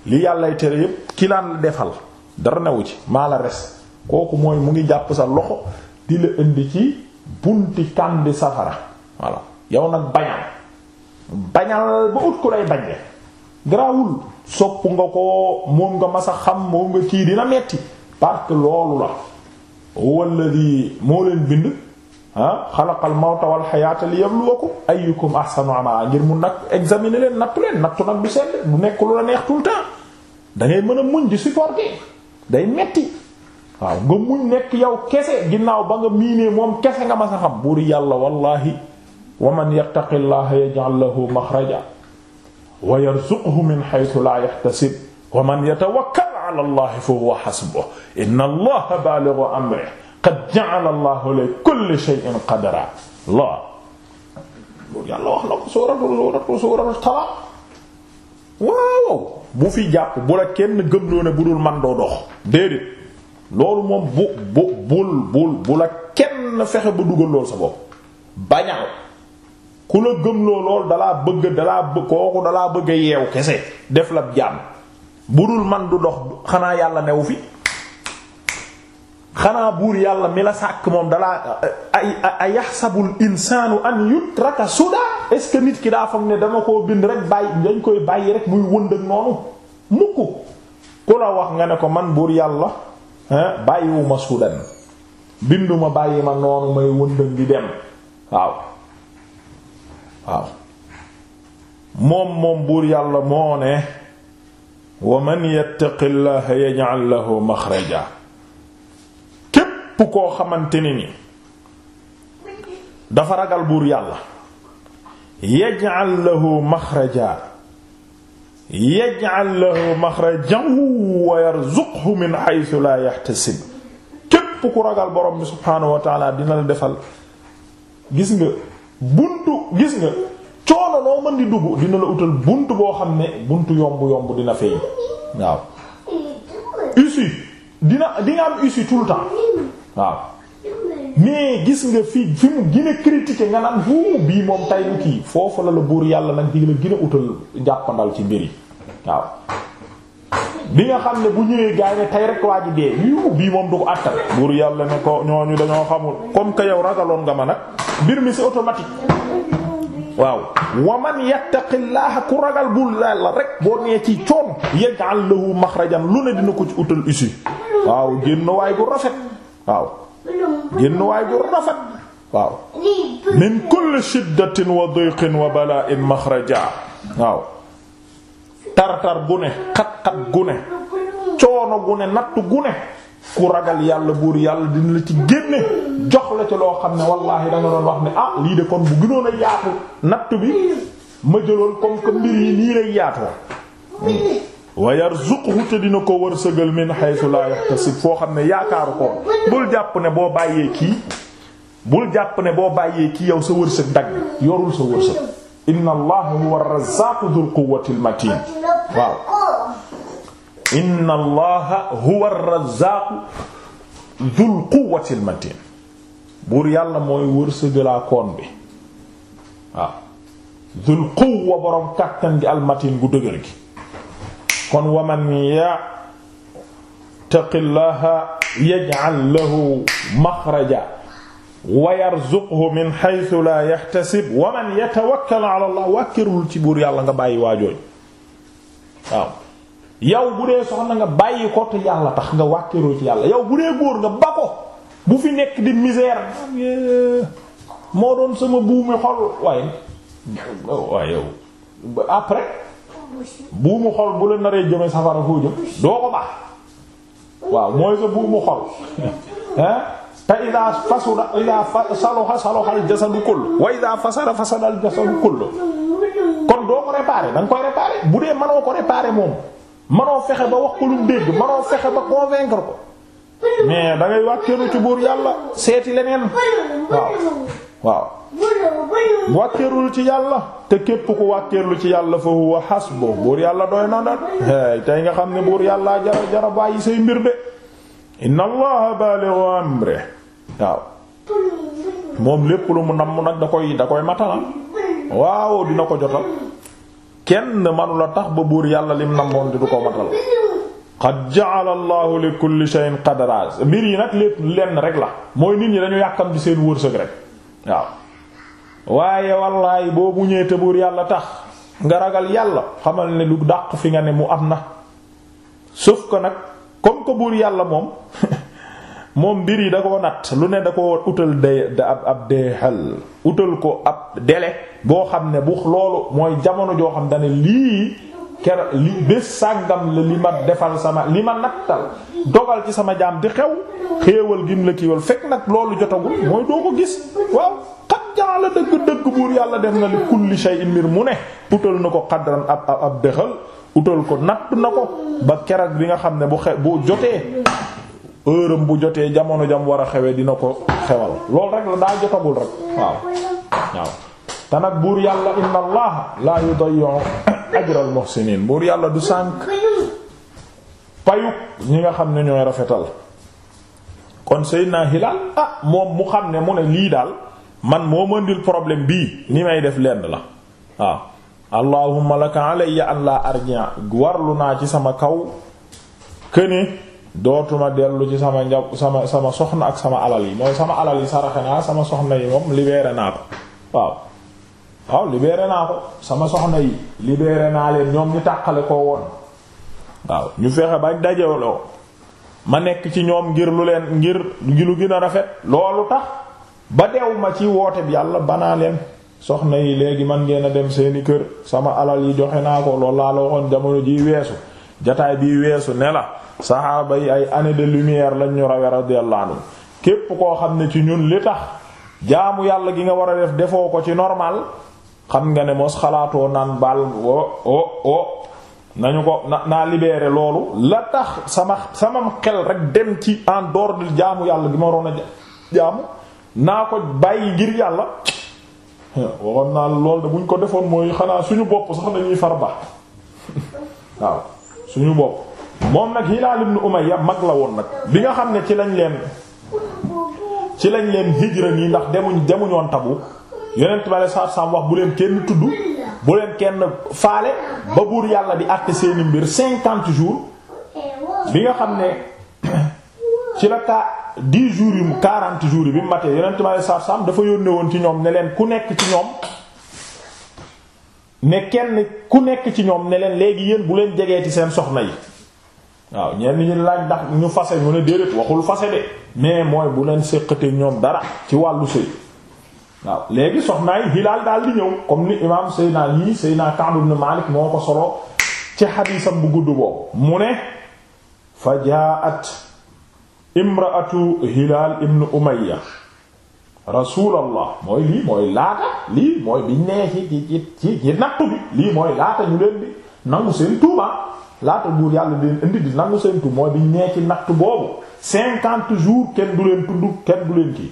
li yàllay tere yépp ki defal dara newu ci maa la res kooku mooy mu ngi jàpp sa loxo di la indi ci bunti kàmbi safara voilà yow nag bañal bañal ba ut ku lay bañle garaawul sopp nga ko moom nga mas a xam moom nga kii dina metti parce que loolu la walla di moo leen bind ah xalaqal mawta wal xayaata liyabluwakum ayyukum ahsanu amala ngir mu nag examiner leen nattu leen nattu nag du sedd du nekk lu la neex tout le mën a muñ di supporter day metti waaw nga nekk yow kese ginnaaw ba nga miinee moom kese nga mas a xam buur yàlla wa man yattaqi llaha yaj'al lahu maxraja wa min haythu la yahtasib wa man yatawakkal ala allahi fa huwa hasbuh inna allaha balighu amrihi qad ja'ala li kulli shay'in qadra la buur yàlla wax la ko suuratu suuratu suuratu talaq waaw bu fi jàpp bu la kenn gëm loo ne budul man doo dox déedéet loolu moom bu bu bul bul bu la kenn fexe ba dugal loolu sa bopp bañal ku la gëmloo lool dalaa bëgg dalaa bëgg kooku dalaa bëgg a kese def la jàmm bu dul man du dox xanaa yàlla newu fi xanaa buur yàlla mi la sàkk moom dalaa ay ay yaxsabul insaanu an yutraka suda est-ce ne dama koo bind rek bàyyi dañ koy muy wënd ak noonu mukk ku la wax nga ne ko man buur yàlla bàyyiwuma sudan binduma bàyyi ma noonu may wëndën di dem waaw waaw moom moom buur yàlla moo ne wa man yattaqillaha yaj'al lahu maxraja képp koo xamante ni dafa ragal buur yàlla yaj'al lahu maxraja yaj'al lahu makhrajan wa yarzuqhu min haythu la yahtasib képp ku ragal borom bi subhaanahu wa taala dina la defal gis nga buntu gis nga coono loo mën di dugg dina la utal buntu boo xam ne buntu yomb yomb dina feeñ waaw ussi dina di nga am ussi tout le temps waaw mais gis nga fii fi mu gën a critiquer nga naan bii moom tay lu kii foofu la la buur yàlla nag di la gën a utal jàppandal ci mbir yi waaw bi nga xam ne bu ñëwee gaay ne tey rek waa ji dee yu bii moom du ko àttal buur yàlla ne ko ñooñu dañoo xamul comme que yow ragaloon nga ma nag mbir mi c'est automatique waaw waman yattaqillaha ku ragal bul la rek boo nee ci coom yaj'al lahu makhrajan lu ne dina ko ci utal issue waaw génn waay gu rafet waaw génn waay gu rafet waaw min kulli shiddatin wa dayqin wa bala'in makhraja waaw tartar gu ne xat-xat gu ne coono gu ne natt gu ne ku ragal yàlla buur yàlla dina la ci génne jox la ci loo xam ne wallaahi da nga doon wax ne ah lii de kon bu gënoon a yaatu natt bi ma jëloon comme que mbir yi nii lay yaatoo hmm. wa yarzuquhu te dina ko wërsëgal min haythu la yahtasib foo xam ne yaakaaru ko bul jàpp ne boo bàyyee kii bul jàpp ne boo bàyyee kii yow sa wërsëg dagg yorul sa wërsëg inna allah huwa ar-razzaq dhul quwwati al-matin waaw inna allah huwa ar-razzaq dhul quwwati al-matin buur yàlla mooy wërsëgalaakoon bi waaw dhul quwwa boroom kàttan gi al-matin gu dëgër gi kon wa man yattaqillaha yaj'al lahu makhraja wa yarzuqhu min haythu la yahtasib ci buur yàlla nga bàyyi waajooju bu dee soxna nga bàyyi ko tax nga wàkkirul ci yàlla yow bu dee góor nga ba ko fi nekk di moo doon sama buumi xol waaye waaye yow après buumu xol bu la naree jëme safara foo jëm doo ko baax waaw mooy sa buumu xol hein te ida fasula ida saluxa saluxal jasadu kullu wa ida fasada fasadal jasadu kullu kon doo ko réparer da nga koy réparer bu dee mënoo ko réparer moom mënoo fexe ba wax ko lu mu dégg mënoo fexe ba convaincre ko mais da ngay wàkkeeru ci buur yàlla seeti leneen waaw waaw wàkkeerul ci yàlla te képp ku wàkkeerlu ci yàlla fa huwa hasbu buur yàlla doy na nag nga xam ne buur yàlla jara jara bàyyi say mbir de inna allaha balighu amri waaw moom lépp lu mu namm nag da koy da koy matala ah. waaw dina ko jotal kenn manula tax ba buur yàlla lim nammoon di du ko matal qad ja'ala allahu li kulli shay'in qadara mbir yi nag lépp lenn rek la mooy nit ñi dañu yàkkam di seen wërsëg rek waaw waaye wallaay boo muñee te buur yàlla tax nga ragal yàlla xamal ne lu dàq fi nga ne mu am na sauf que nag comme que buur yàlla moom moom mbir yi da ko nat lu ne da ko utal de ab ab deexal utal ko ab délai boo xam ne bu loolu mooy jamono joo xam dane lii ker li bés sàngam la li ma defal sama li ma nattal dogal ci sama jaam di xew xéewal gim la kiiwal fekk nag loolu jotagul mooy doo ko gis waaw xat jaala dëgg dëgg buur yàlla def nga li kulli shay'in mbir mu ne utal na ko xadran ab ab ab dexal utal ko natt na ko ba keroog bi nga xam ne bu xe bu jotee heuram bu jotee jamono jam war a xewe dina ko xewal loolu rek la daa jotagul rek waaw waaw te nag buur yàlla inna allaha la yudayyu ajral muhsinin buur yàlla du sànk payuk ñi nga xam ne ñooy rafetal kon Seydina Hilaal ah moom mu xam ne mu ne lii daal man moo mëndil problème bii ni may def lenn la waaw allahumma laka alayya an la arji' warlu naa ci sama kaw këne dootuma dellu ci sama njab sama sama soxna ak sama alal yi mooy sama alal yi saraxe naa sama soxna yi moom libéré naa ko waaw waaw libéré naa ko sama soxna yi libéré naa leen ñoom ñu tàqale koo woon waaw ñu fexe bañ dajaloo ma nekk ci ñoom ngir lu leen ngir lu gën a rafet loolu tax ba deew ma ci woote bi yàlla banaa leen soxna yi léegi man ngeen a dem seeni kër sama alal yi joxe naa ko loolu laa la waxoon jamono ji weesu jataay bii weesu ne la saxaaba yi ay année de lumière lañ ñu rawe radiyallahu anhu képp koo xam ne ci ñun li jaamu yàlla gi nga war a def defoo ko ci normal xam nga ne mos xalaatoo naan baal o o o nañu ko na naa libéré loolu la tax sama sama xel rek dem ci en dehors jaamu yàlla gi ma waroon a jaamu naa ko bàyyi ngir yàlla waxoon naa lool bu buñ ko defoon mooy xanaa suñu bopp sax nañuy far ba waaw suñu bopp moom nag Hilaal ibn Umayya mag la woon nag bi nga xam ne ci lañ leen ci lañ leen hijra nii ndax demuñ demuñoon Tabuk yonent bi saa saam leen kenn tudd bu leen kenn faale ba buur yàlla di àtte seeni mbir cinquante jours bi nga xam ne ci la kaa dix jours yu quarante jours yi bi mu matee yonent ma saa saam dafa yónnee woon ci ñoom ne leen ku nekk ci ñoom ne kenn ku nekk ci ñoom ne leen léegi yéen bu leen jegee ci seen soxna yi waaw ñenn ñi laaj ndax ñu fase ñu ne déedéet waxul fase de mais mooy bu leen séqatee ñoom dara ci wàllu sëy waaw léegi soxnaay Hilaal daal di ñëw comme ni imaam Seydina lii Seydina Ka'b ibn Maalik moo ko solo ci xadiisam bu gudd boobu mu ne fa jaa'at imraatu hilaal ibn umayya rasuulallah mooy lii mooy laata lii mooy biñ nee ci ci nattu bi lii mooy laata ñu leen bi nangu seen tuuba laata buur yàlla leen indi di nangu seen tuub mooy biñ nee nattu boobu cinquante jours kenn du leen tudd kenn du leen kii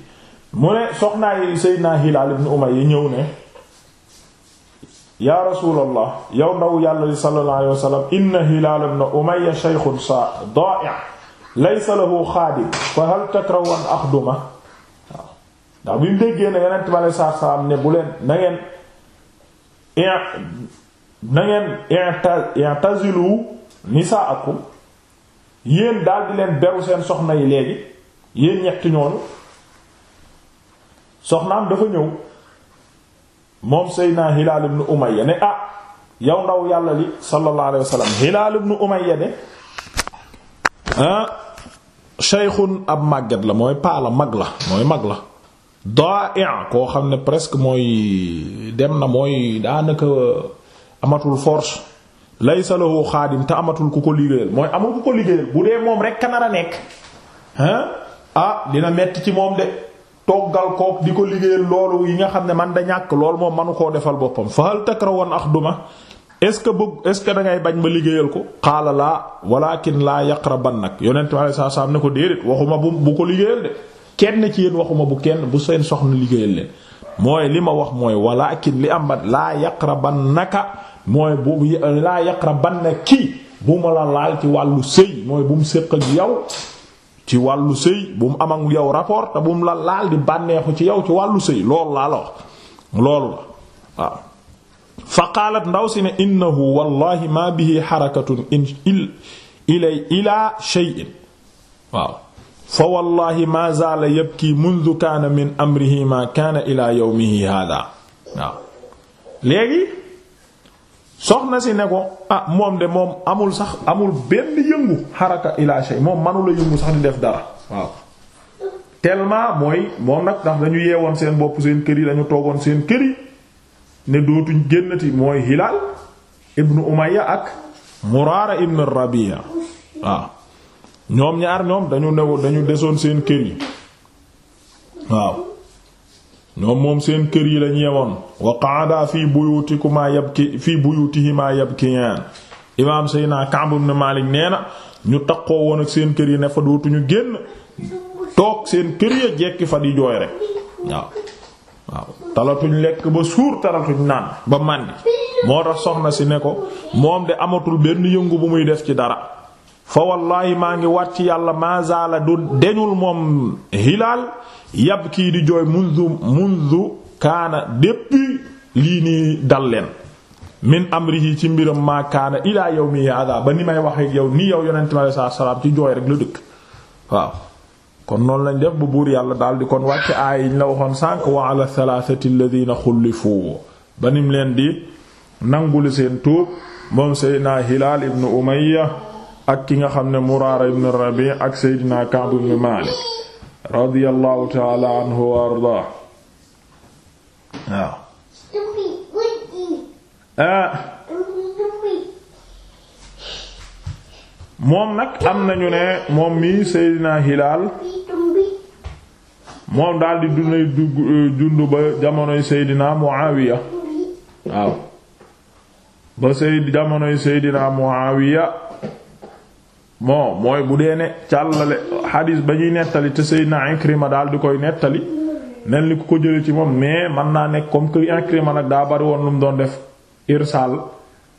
mu ne soxnaay seydinaa hilaal ibn umayya ñëw ne yaa rasuulallah yow ndaw yàlla li sallallahu alayhi wasallam hilaal ibn umayya shaykhun sa da'i' laysa lahu xaadim fa hal takrahu an waaw ndax bi mu déggee ne yonent bi aleyhi salaatu salaam ne bu leen na ngeen na ngeen i'tazilu nisaakum yéen daal di leen beru seen soxna yi léegi yéen ñetti ñooñu soxnaam dafa ñëw moom Seydina Hilaal ibn Umayya ne ah yow ndaw yàlla li sallallahu alayhi wa sallam Hilaal ibn de shaykhun ab màgget la mooy paala mag la mooy mag la daa koo xam ne presque mooy dem na mooy daanaka amatul force laysa lahu xaadim te amatul ku ko liggéeyal mooy amul ku ko liggéeyal bu dee moom rek kanar a nekk hein ah dina metti ci moom de toggal kook di ko liggéeyal loolu yi nga xam ne man da ñàkk lool moom manu koo defal boppam fa hal takrawan akhduma est-ce que bëgg est-ce que da ngay bañ ma liggéeyal ko xaala laa walakin laa nag yonent alayhi salaam ne ko déedéet waxuma bu bu ko liggéeyal de kenn ci yéen waxuma bu kenn bu seen soxna liggéeyal leen mooy li ma wax mooy walakin li am ba laa yaqrabannaka mooy bu laa yaqrabannaki bu ma la laal ci wàllu sëy mooy bu mu séq ak yow ci wàllu sëy bu mu am ak yow rapport te bu mu la laal di bànneexu ci yow ci wàllu sëy loolu laa la wax loolu la fa qaalat ndaw si ne innahu wallahi ma bihi xarakatun in ilay ila shay'in waaw fa wallahi ma zaala min amrihi ma kaana ila yawmihi hada waaw si ne ko ah, moom de amul sax amul benn yëngu moom manula yëngu sax di def dara waaw mooy moom nag ndax dañu yeewoon seen bopp seen kër yi dañu toogoon seen kër yi ne dootuñ génnati mooy Hilaal ibnu Umayya ak Muraara ibnu Rabi'a waaw ñoom ñaar ñoom dañu new dañu desoon seen kër yi waaw ñoom moom seen kër yi lañu yewoon wa qaada fi buyutikuma yabki fi buyutihima yabkiyan imaam Seydina Ka'b ibn nee na ñu taqoo woon ak seen kër yi ne fa dootuñu génn toog seen kër ya jekki fa di jooy rek waaw waaw talatuñ lekk ba suur talatuñ naan ba màndi moo tax soxna si ne ko moom de amatul benn yëngu bu muy def ci dara fa wallaahi maa ngi wat ci yàlla mazaala du deñul moom hilaal yab kii di jooy mundu mundu kaana dépp lii nii dal leen min amrihi ci mbiram maa kaana ilaa yawmi hada ba ni may wax ak yow ni yow yonente mi alayhi ci jooy rek la dëkk waaw kon noonu lañ def bu buur yàlla daal di kon wàcc aay yiñ la waxoon sànq wa ala thalathati alladhina xullifu ba nim leen di nanguli seen tuub moom seydina hilaal ibnu umayya ak ki nga xam ne muraara ibnu rabi ak seydina ka'b ibnu maalik radiyallahu taala ah. moom nag am nañu ne moom mi seydina hilaal moom daal di dunay euh, dund ba jamonoy Seydina Muawiya waaw ba Seyd jamonoy Seydina Muawiya moo mooy bu dee ne càllale xadiis ba ñuy nettali te Seydina Ikrima daal di koy nettali mel ni ku ko jële ci moom mais mën naa nekk comme que Ikrima nag daa bari woon lu mu doon def irsaal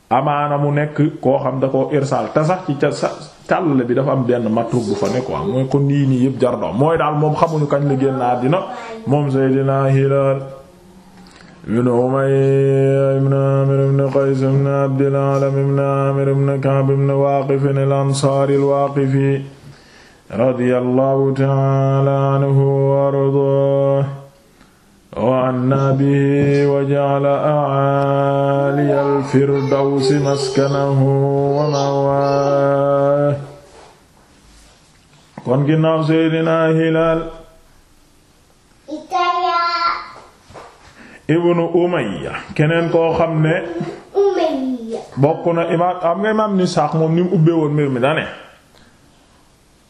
amaana mu nekk koo xam da ko irsaal te sax ci ca sax càll bi dafa am benn matruk bu fa ne quoi mooy kon nii nii yëpp jar doom mooy daal moom xamuñu kañ la génn àddina moom Seydina Hilaal ibn Umayya ibn Amir ibn Qays ibn Abdil Alam ibn Amir ibn Ka'b ibn Waaqif al-Ansaari al ta'ala anhu wa wa anna bihi wa ja'ala a'aliya maskanahu wa ma'waahu kon ginnaaw Seydina Hilaal ibnu Umayya keneen koo xam ne bokk am nga imaam ni saaq moom ni mu ubbee woon mbir mi dane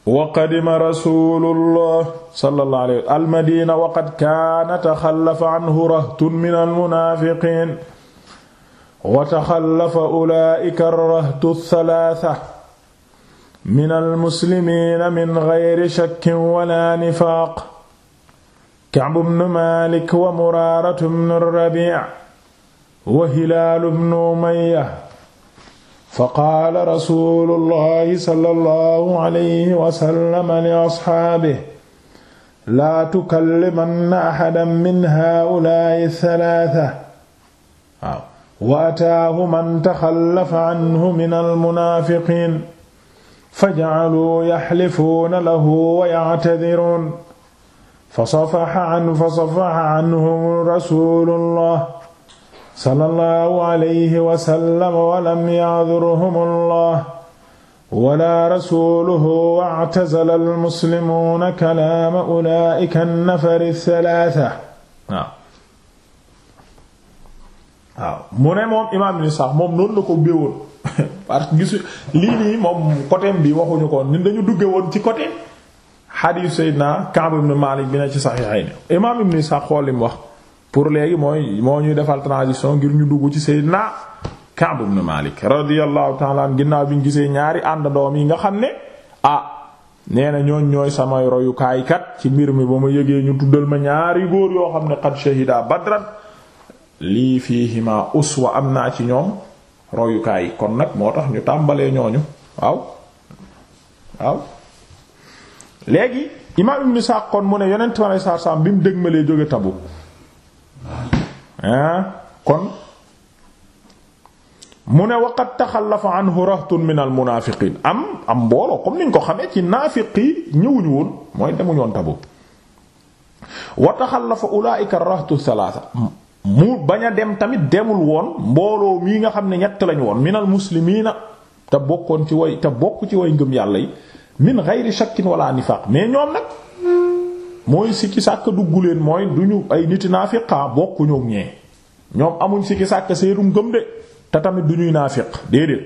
wa qadima rasulullah sallallahu alayhi al madina wa qad kaana taxallafa anhu rahtun min almunaafiqiin wa taxallafa ulaa'ika ar-rahtu ath-thalaatha min almuslimiina min ghayri shakkin wala nifaaq Ka'b ibn Maalik wa Muraara ibn Rabii' wa Hilaal ibn Umayya fa qaala rasulullahi sallallahu alayhi wa sallam li asxaabihi laa tukallimanna ahadan min haa'ulaa'i salaasa waaw wa ataahu man taxallafa anhu min almunaafiqiin fajacaluu yaxlifuuna lahu wa yactadiruun fasafaxa canhu fasafaxa canhum rasuulullah sallallahu alayhi wa sallam wa Allah wala rasuluhu wa'tazala al-muslimuuna kalaama ulaa'ika an-nafari ath mu ne moom imaam ni sax moom noonu la ko béwoon parce que lii nii moom côté bi waxuñu ko ni dañu duggee woon ci côté xadiis Seydina Ka'b ibn Maalik bi na ci Saxiixayni imaam ibn Sa'd xool li wax pour léegi mooy moo ñuy defal transition ngir ñu dugg ci Seydina naa ibn Malik radiyallahu ta'ala an ginnaaw bi ñu gisee ñaari ànd yi nga xam ne ah nee na ñooñ ñooy samay royukaay kat ci mbir mi ba ma yëgee ñu tuddal ma ñaari góor yoo xam ne qad shahida badran lii fiihima uswa am naa ci ñoom royukaay kon nag moo tax ñu tàmbalee ñooñu waaw waaw léegi imaam ibn Sa'd kon mu ne yeneent ma ne saar saam bi mu dëgmalee jóge Tabuk kon mu ne waqad taxallafa anhu rahtun min al munaafiqiin am am mbooloo comme niñ ko xame ci naafiqi ñëwuñu woon mooy demuñu woon Tabuk wa taxallafa ulaa'ika rahtu salaasa mu bañ a dem tamit demul woon mbooloo mii nga xam ne ñett lañu woon minal muslimiina te bokkoon ci way te bokk ci way ngëm yàlla yi min ghayri shakkin wala nifaaq mais ñoom nag mooy sikki sàkk dugg leen mooy duñu ay niti naafiqa bokkuñu ñee ñoom amuñ sikki sàkk seerum gëm de te tamit duñuy naafiq déedéet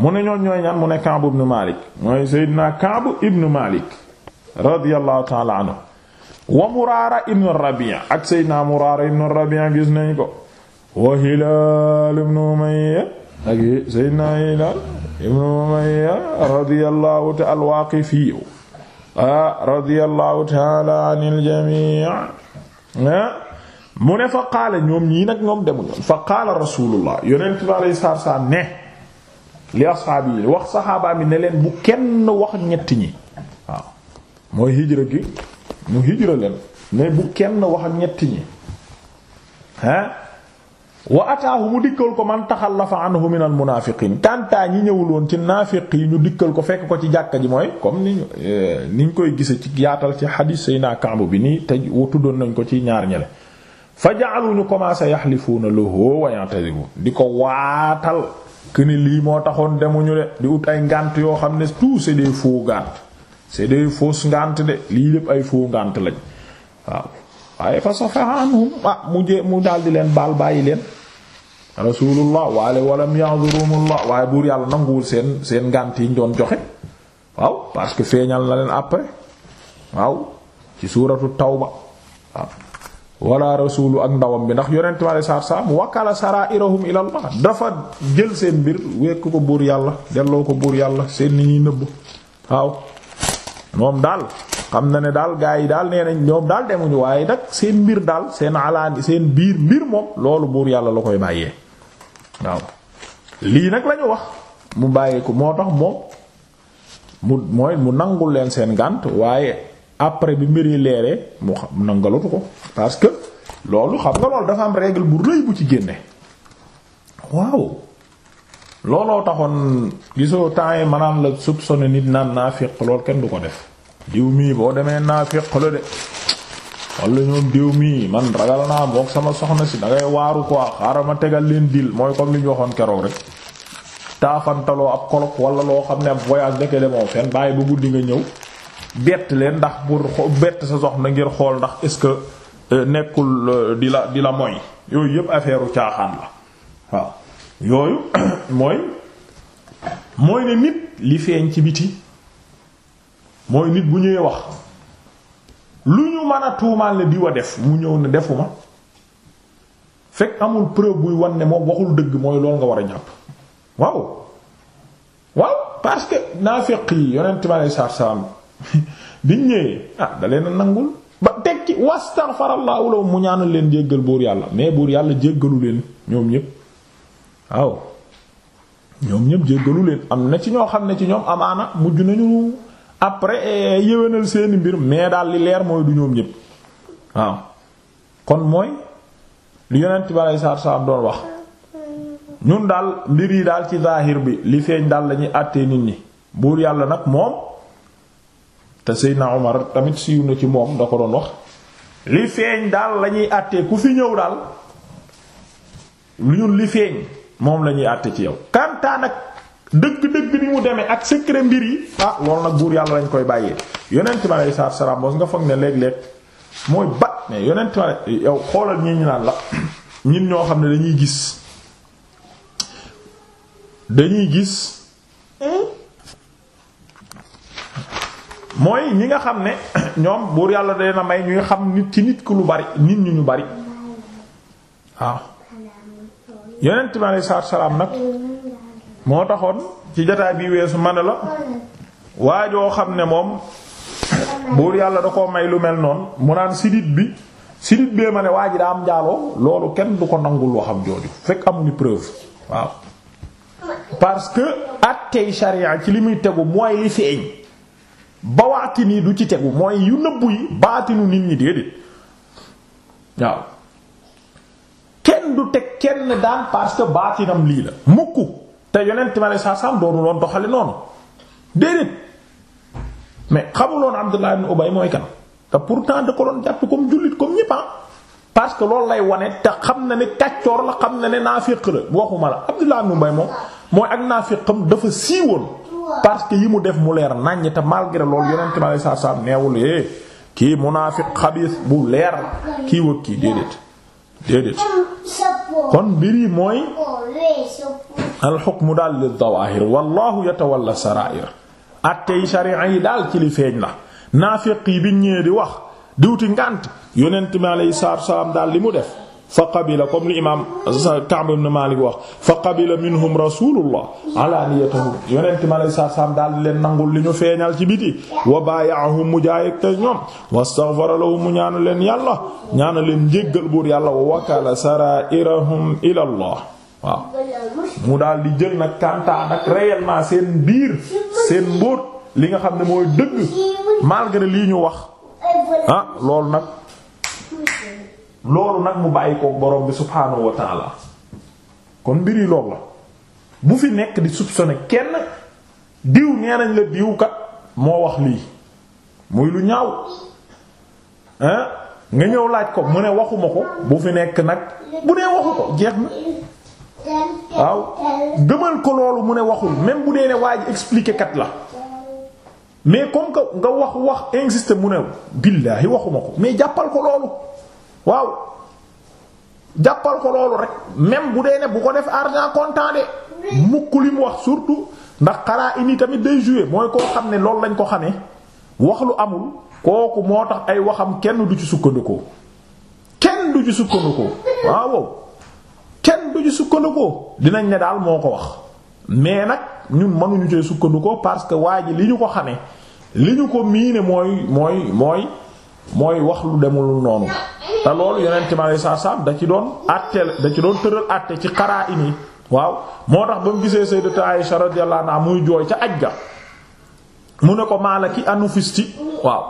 mu ne ñooñ ñooy ñan mu ne Kaab ibn Malik mooy Seydina Kaab ibn Malik radiyallahu ta'ala anhu wa Muraara ibn Rabi' ak Seydina Muraara ibn Rabi' gis nañ ko wa Hilaal ibn Umayya ak Seydina Hilaal ibn Umayya radiyallahu ta'ala al-Waaqifi ah radiyallahu taala anil jamii ah, mu ne fa qaala ñoom ñii nag ñoom demuñu fa qaala rasulullah yonent bi alayhi salaatu ne li asxaab yi wax saxaabaa mi ne leen bu kenn wax ñetti ñi waaw mooy hijra gi mu hijra leen ne bu kenn wax ñetti ñi ah, waa ataahu mu dikkal ko man taxal taxallafa anhu minal munaafiqiin kantaa ñi ñëwul woon ci naafiq yi ñu dikkal ko fekk ko ci jàkka ji mooy comme ni eh, ni ñu koy gisee ci yaatal ci xadiis Seydina Kaab bi nii te tuddoon nañ ko ci ñaar ñele fa ja'alu ñu commencé yaxlifuuna lahu wa ya'tadibu di ko waatal ni lii moo taxoon demuñu de di ut ay ngànt yoo xam ne tout c'est des faux ngànt c'est des fausses ngànt de lii lépp ay faux ngànt lañ waaw waaye fa safaha anhum ah mu jee mu daldi leen baal bàyyi leen rasulullah waale walam waaye buur yàlla nanguwul seen seen ngànt yi ñu doon joxe waaw parce que feeñal na leen après waaw ci suuratu tawba waaw wala rasulu ak ndawam bi ndax yonent ma saar saam wakala sarairahum ila allah dafa jël seen mbir wekk ko buur yàlla delloo ko buur yàlla seen ni ñuy nëbb waaw moom daal xam na ne daal gaa yi daal nee nañ ñoom daal demuñu waaye nag seen mbir daal seen alaani seen biir mbir moom loolu buur yàlla la koy bàyyee waaw lii nag lañu wax mu bàyyi ko moo tax moom mu mooy mu nangul leen seen ngànt waaye après bi mbir yi leeree mu xam nangalatu ko parce que loolu xam nga loolu dafa am règle bu rëy bu ci génne waaw looloo taxoon gisoo temps yi la la soupçonner nit naan naafiq lool kenn du ko def diw mii boo demee naafiq la de wala ñoom déw mii man ragal naa mook sama soxna si dangay waaru quoi xaaral ma tegal leen dil mooy comme li ñu waxoon keroog rek taafantaloo ab colloque wala loo xam ne ab voyage dëkk demoo fenn bàyyi ba guddi nga ñëw bett leen ndax bu bett sa soxna ngir xool ndax est-ce que euh, nekkul euh, di la moy yooyu yépp affaire u caaxaan la waaw yooyu mooy mooy ne nit li feeñ ci biti mooy nit bu ñuy wax lu ñu mën a tuumaal ne diwa def mu ñëw ne defuma fekk amul preuve buy wan ne moom waxul dëgg mooy lool nga war a jàpp waaw waaw parce que naafeq yi yonent bi aleyhi salaatu salaam biñ ñëwee ah da leen a nangul ba teg ci wastaghfarallahu lahum mu ñaanal leen jéggal buur yàlla mais buur yàlla jéggalu leen ñoom ñépp waaw ñoom ñépp jéggalu leen am na ci ñoo xam ne ci ñoom amaana mujj nañu après eh, yéwénal seeni mbir mais daal li leer mooy du ñoom ñépp waaw kon mooy li yonent bi aleyhi salaatu salaam doon wax ñun daal mbir yi daal ci zaahir bi li feeñ daal lañuy àttee nit ñi buur yàlla nag moom te Seydina Omar tamit siiw na ci moom da ko doon wax li feeñ daal lañuy àttee ku fi ñëw daal lu ñun li feeñ moom lañuy àtte ci yow kantaa nag dëgg-dëgg ni mu demee ak secret mbir yi ah loolu nag buur yàlla lañ koy bàyyee yonent bi aleyhi salaatu salaam mos nga foog ne léeg-léeg mooy ba ne yonent bi yow xoolal ñi ñu naan la ñin ñoo xam ne dañuy gis dañuy gis mooy ñi nga xam ne ñoom buur yàlla day na may ñuy xam nit ci nit ku bari nit ñu ñu bari waaw yonent bi salaam nag. moo taxoon ci jotaay bi weesu mane la waa joo xam ne moom buur yàlla da koo may lu mel noon mu naan sidit bi sidit bee ma ne waa ji daa am njaaloo loolu kenn du ko nangul waxam jooju fekk amuñu preuve waaw parce que attey sharia ci li muy tegu mooy li feeñ bawaatini yi du ci tegu mooy yu nëbbu yi baatinu nit ñi déedéet waaw kenn du teg kenn daan parce que baatinam lii la mukk te yonent ma ne saasam doonu loon doxali noonu déedéet mais xamuloon Abdullah ibn Ubay mooy kan te pourtant da ko doon jàpp comme jullit comme ñëppan ah. parce que loolu lay wane te xam na ne kàccoor la xam na ne naafiq la waxuma la Abdullah ibn Ubay moom mooy ak naafiqam dafa siiwoon parce que yi mu def mu leer naññ te malgré loolu yonent ma ne saasam neewul eh kii munaafiq xabiis bu leer kii wëg kii déedéet kon mbir yi mooy alxukmu daal li dawaahir wallahu yatawalla sarair attey sharia yi daal ci li feeñ la naafiq yi biñ ñëwee di wax diwti ngànt yonent mi alayhi salaam daal li mu def fa qabila comme li imaam Ka'b ibn Malik wax fa qabila minhum rasulullah ala niyatihi daal di leen li ñu feeñal ci biti wa baaya'ahum mu jaayeg te ñoom wastaghfara mu ñaana leen yàlla ñaana leen njéggal buur yàlla wa wakala sarairahum ila allah mu daal di jël nag kantaan nag réellement seen biir seen mbóot li nga xam ne mooy dëgg malgré lii ñu wax ah nag loolu nag mu bàyyi ko borom bi subhaanahu wa taala kon mbiri loolu la bu fi nekk di soupçonner kenn diw nee nañ la diw moo wax lii muy lu ñaaw hein nga ñëw laaj ko mu ne waxuma ko bu fi nekk nag bu dee waxu ko jeex na waaw gëmal ko loolu mu ne waxul même bu dee ne waa ji kat la mais comme que nga wax wax insister mu ne billaahi waxuma ko mais jàppal ko loolu waaw jàppal ko loolu rek même bu dee ne bu ko def argent comptant de mukk li mu wax surtout ndax xaraa ini tamit day jouer mooy koo xam ne loolu lañ ko xamee wax lu amul kooku moo tax ay waxam kenn du ci sukkandikoo kenn du ci sukkandikoo waaw kenn du ci sukkandikoo dinañ ne daal moo ko wax mais nag ñun mënuñu cee sukkandikoo parce que waa ji li ñu ko xamee li ñu ko miine mooy mooy mooy. mooy wax lu demul noonu te loolu yonent mi aleyhi salaatu salaam da ci doon àtteel da ci doon tëral àtte ci xaraa'in yi waaw moo tax ba mu gisee sayyidatu Aisha radiyallahu anha muy jooy ca aj ga mu ne ko maalaki anufisti waaw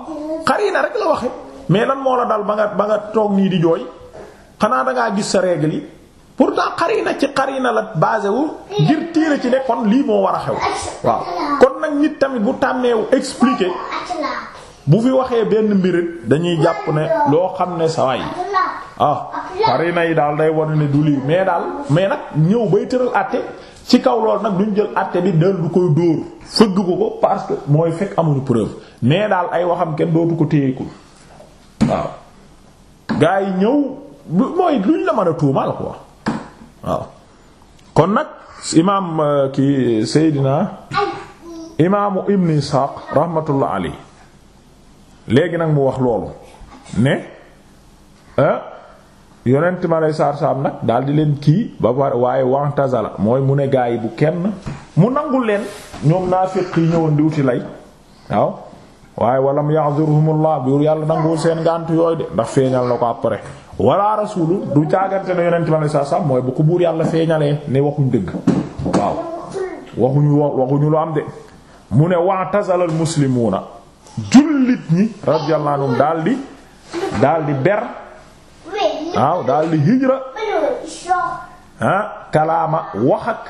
xariina rek la waxe mais lan moo la dal ba nga ba nga toog nii di jooy xanaa dangaa gis sa règle yi pourtant xariina ci xariina la basé wu ngir tiire ci ne kon lii moo war a xew waaw kon nag nit tamit bu tàmmeewu expliquer bu fi waxee benn mbirit dañuy jàpp ne loo xam ne saway ah pare yi daal day wane ne du lii mais daal mais nag ñëw bay tëral àtte ci kaw loolu nag duñ jël àtte bi dal du koy dóor fëgg ko ko parce que mooy fekk amuñu preuve mais daal ay waxam kenn dootu ko téyeekul waaw gaa yi ñëw mooy luñ la mën a tuumal quoi waaw kon nag imaam euh, ki Seydina imaamu Ibn Ishaq rahmatullah alayhi léegi nag mu wax loolu ne ah yonent ma lay saar saam nag daal di leen kii ba pare waaye wantazala mooy mu ne gaa yi bu kenn mu nangul leen ñoom naafiq yi ñëwoon di wuti lay waaw waaye walam ya'zurhumullah bu yàlla nanguwul seen ngànt yooyu de ndax feeñal na ko après wala rasulu du caagante ne yonent ma lay saar saam mooy bu ko buur yàlla feeñalee ne waxuñ dëgg waaw waxuñu lu am de mu ne wantazala al muslimuuna jullit ñi radiyallahu anhum daal di daal di ber waaw daal di hijra ah kalaama wax ak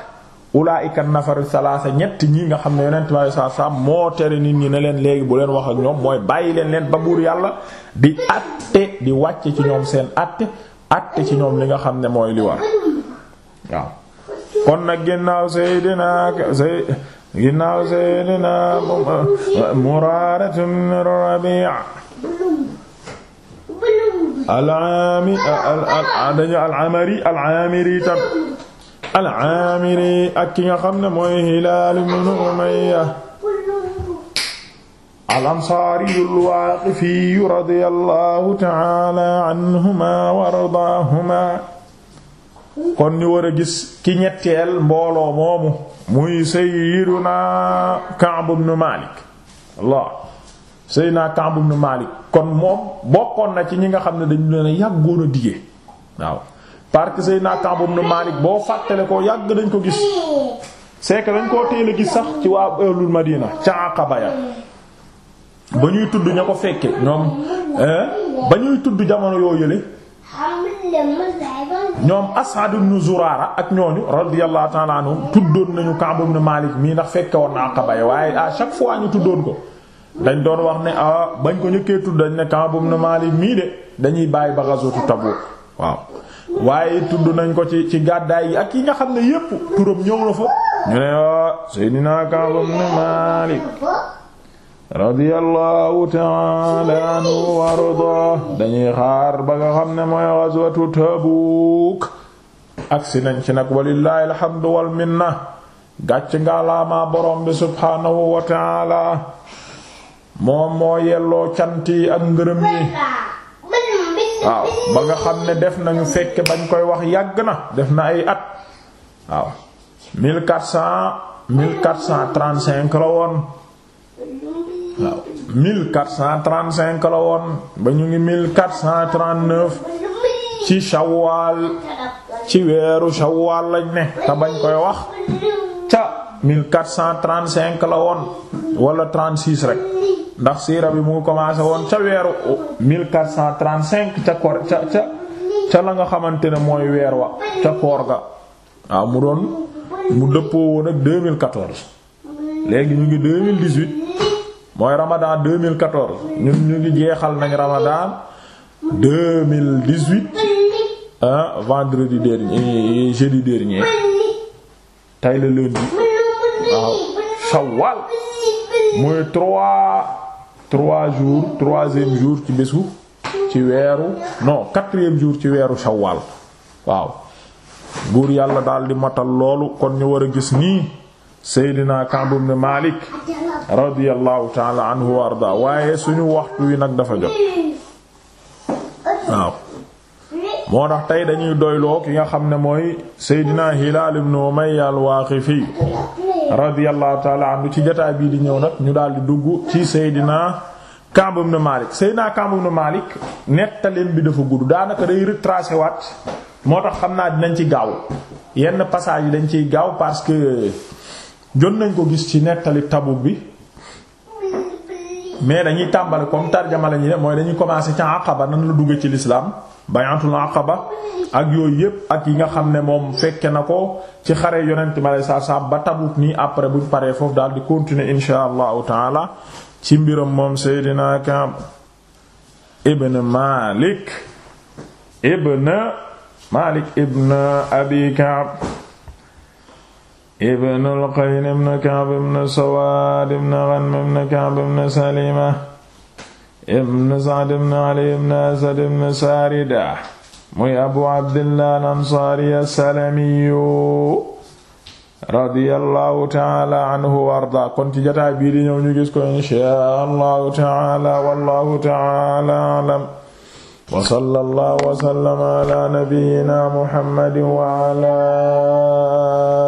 ulaa'ika nafaru salaasa ñett ñi nga xam ne yonent bi saa saa moo tere nit ñi ne leen léegi bu leen wax ak ñoom mooy bàyyi leen leen ba buur yàlla bi àtte di wàcce ci ñoom seen àtte àtte ci ñoom li nga xam ne mooy li war waaw kon nag ginnaaw Seydina ginnaaw Seydina Muraara ibn Rabii' al-Aami dañu al-Amari al-Aamiri tam al-Aamiri ak ki nga xam ne mooy Hilaal ibn Umayya al-Ansaari al-Waaqifii radiyallaahu ta'aalaa anhumaa wa ardaahumaa kon ñu war a gis ki ñetteel mbooloo moomu muy sayyiduna Ka'b ibn Malik Allah sayyiduna Ka'b ibn Malik kon moom bokkoon na ci ñi nga xam ne dañu leen a yàggoon a digee waaw parce que sayyiduna Ka'b ibn Malik boo fàttale ko yàgg dañ ko gis c'est que dañ koo teel a gis sax ci waa ahlul Madina ca Aqaba ya ba ñuy tudd ña ko fekke ñoom ba ñuy tudd jamono loo yële ñoom As'ad ibn Zurara ak ñooñu radiyallahu ta'ala anhum tuddoon nañu Ka'b ibn Malik mii ndax fekk woon na Aqaba waaye a chaque fois ñu tuddoon ko dañ doon wax ne ah bañ ko ñëkkee tudd dañ ne Ka'b ibn Malik mii de dañuy bàyyi ba ghazwatu Tabuk waaw waaye tudd nañ ko ci ci gàddaay yi ak yi nga xam ne yépp turam ñëw na fa ñu ne ah Seydina Ka'b ibn Malik radiyallahu ta'ala anhu ardaa dañuy xaar ba nga xam ne mooy ghazwatu Tabuk agsi nañ ci nag walillahi alhamdu wal minna gàcc nga laamaa borom bi subhaanahu wa moom moo yelloo cant ak ngërëm yi waaw ba nga xam ne def nañu fekke bañ koy wax yàgg na def na ay at waaw 1400 la woon waaw 1435 la woon ba ñu ngi 1439 ci shawaal ci weeru shawaal lañ ne te bañ koy wax ca 1435 la woon wala 36 rek ndax siira bi mu ngi commencé woon ca weeru 1435 cent trent ca ca ca la nga xamante ne mooy weer wa ca koor ga waaw mu doon mu dëppoo woon ak 2014 léegi ñu ngi mooy Ramadan 2014 ñun ñu ngi jeexal nañ Ramadan 2018 ah vendredi dernier jeudi dernier tey la lundi waaw Shawwal mooy trois trois jours troisième jour ci bésu ci weeru non quatrième jour ci weeru Shawwal waaw buur yàlla daal di matal loolu kon ñu war a gis nii Seydina Ka'b ibn Malik radiyallahu taala anhu wa arda waaye suñu waxtu wi nag dafa jot waaw moo tax tey dañuy doyloo ki nga xam ne mooy Seydina Hilaal ibn Umayya al-Waaqifi radiyallahu taala anhu ci jotaay bii di ñëw nag ñu daal di dugg ci Seydina Kaab ibn Maalik Seydina Kaab ibn Maalik nettaleen bi dafa gudd daanaka day retracé waat moo tax xam naa dinañ ci gaaw yenn passage yi dañ ciy gaaw parce que jot nañ ko gis ci nettali Tabuk bi mais dañuy tàmbali comme tarjama la ñu mooy dañuy commencer ca Aqaba nan la dugg ci l'islam bayatul Aqaba ak yooyu yëpp ak yi nga xam ne moom fekke na ko ci xare yonent ma lay saa saa ba Tabuk nii après buñ paree foofu daal di continuer insha allahu taala ci mbiram moom Seydina Kaab ibn Malik ibn Malik ibn Abi Kaab ibn al-Qayn ibn Ka'b ibn Sawaad ibn Ghanm ibn Ka'b ibn Salima ibn Sa'd ibn Ali ibn Asad ibn Saarida muy Abu Abdillah al-Ansaari as-Salami radiyallahu ta'ala anhu wa arda kon ci jotaay bii di ñëw ñu gis ko inshaa Allahu ta'ala wallahu ta'ala a'lam wa sallallahu wa sallama ala nabiyyina Muhammadin wa ala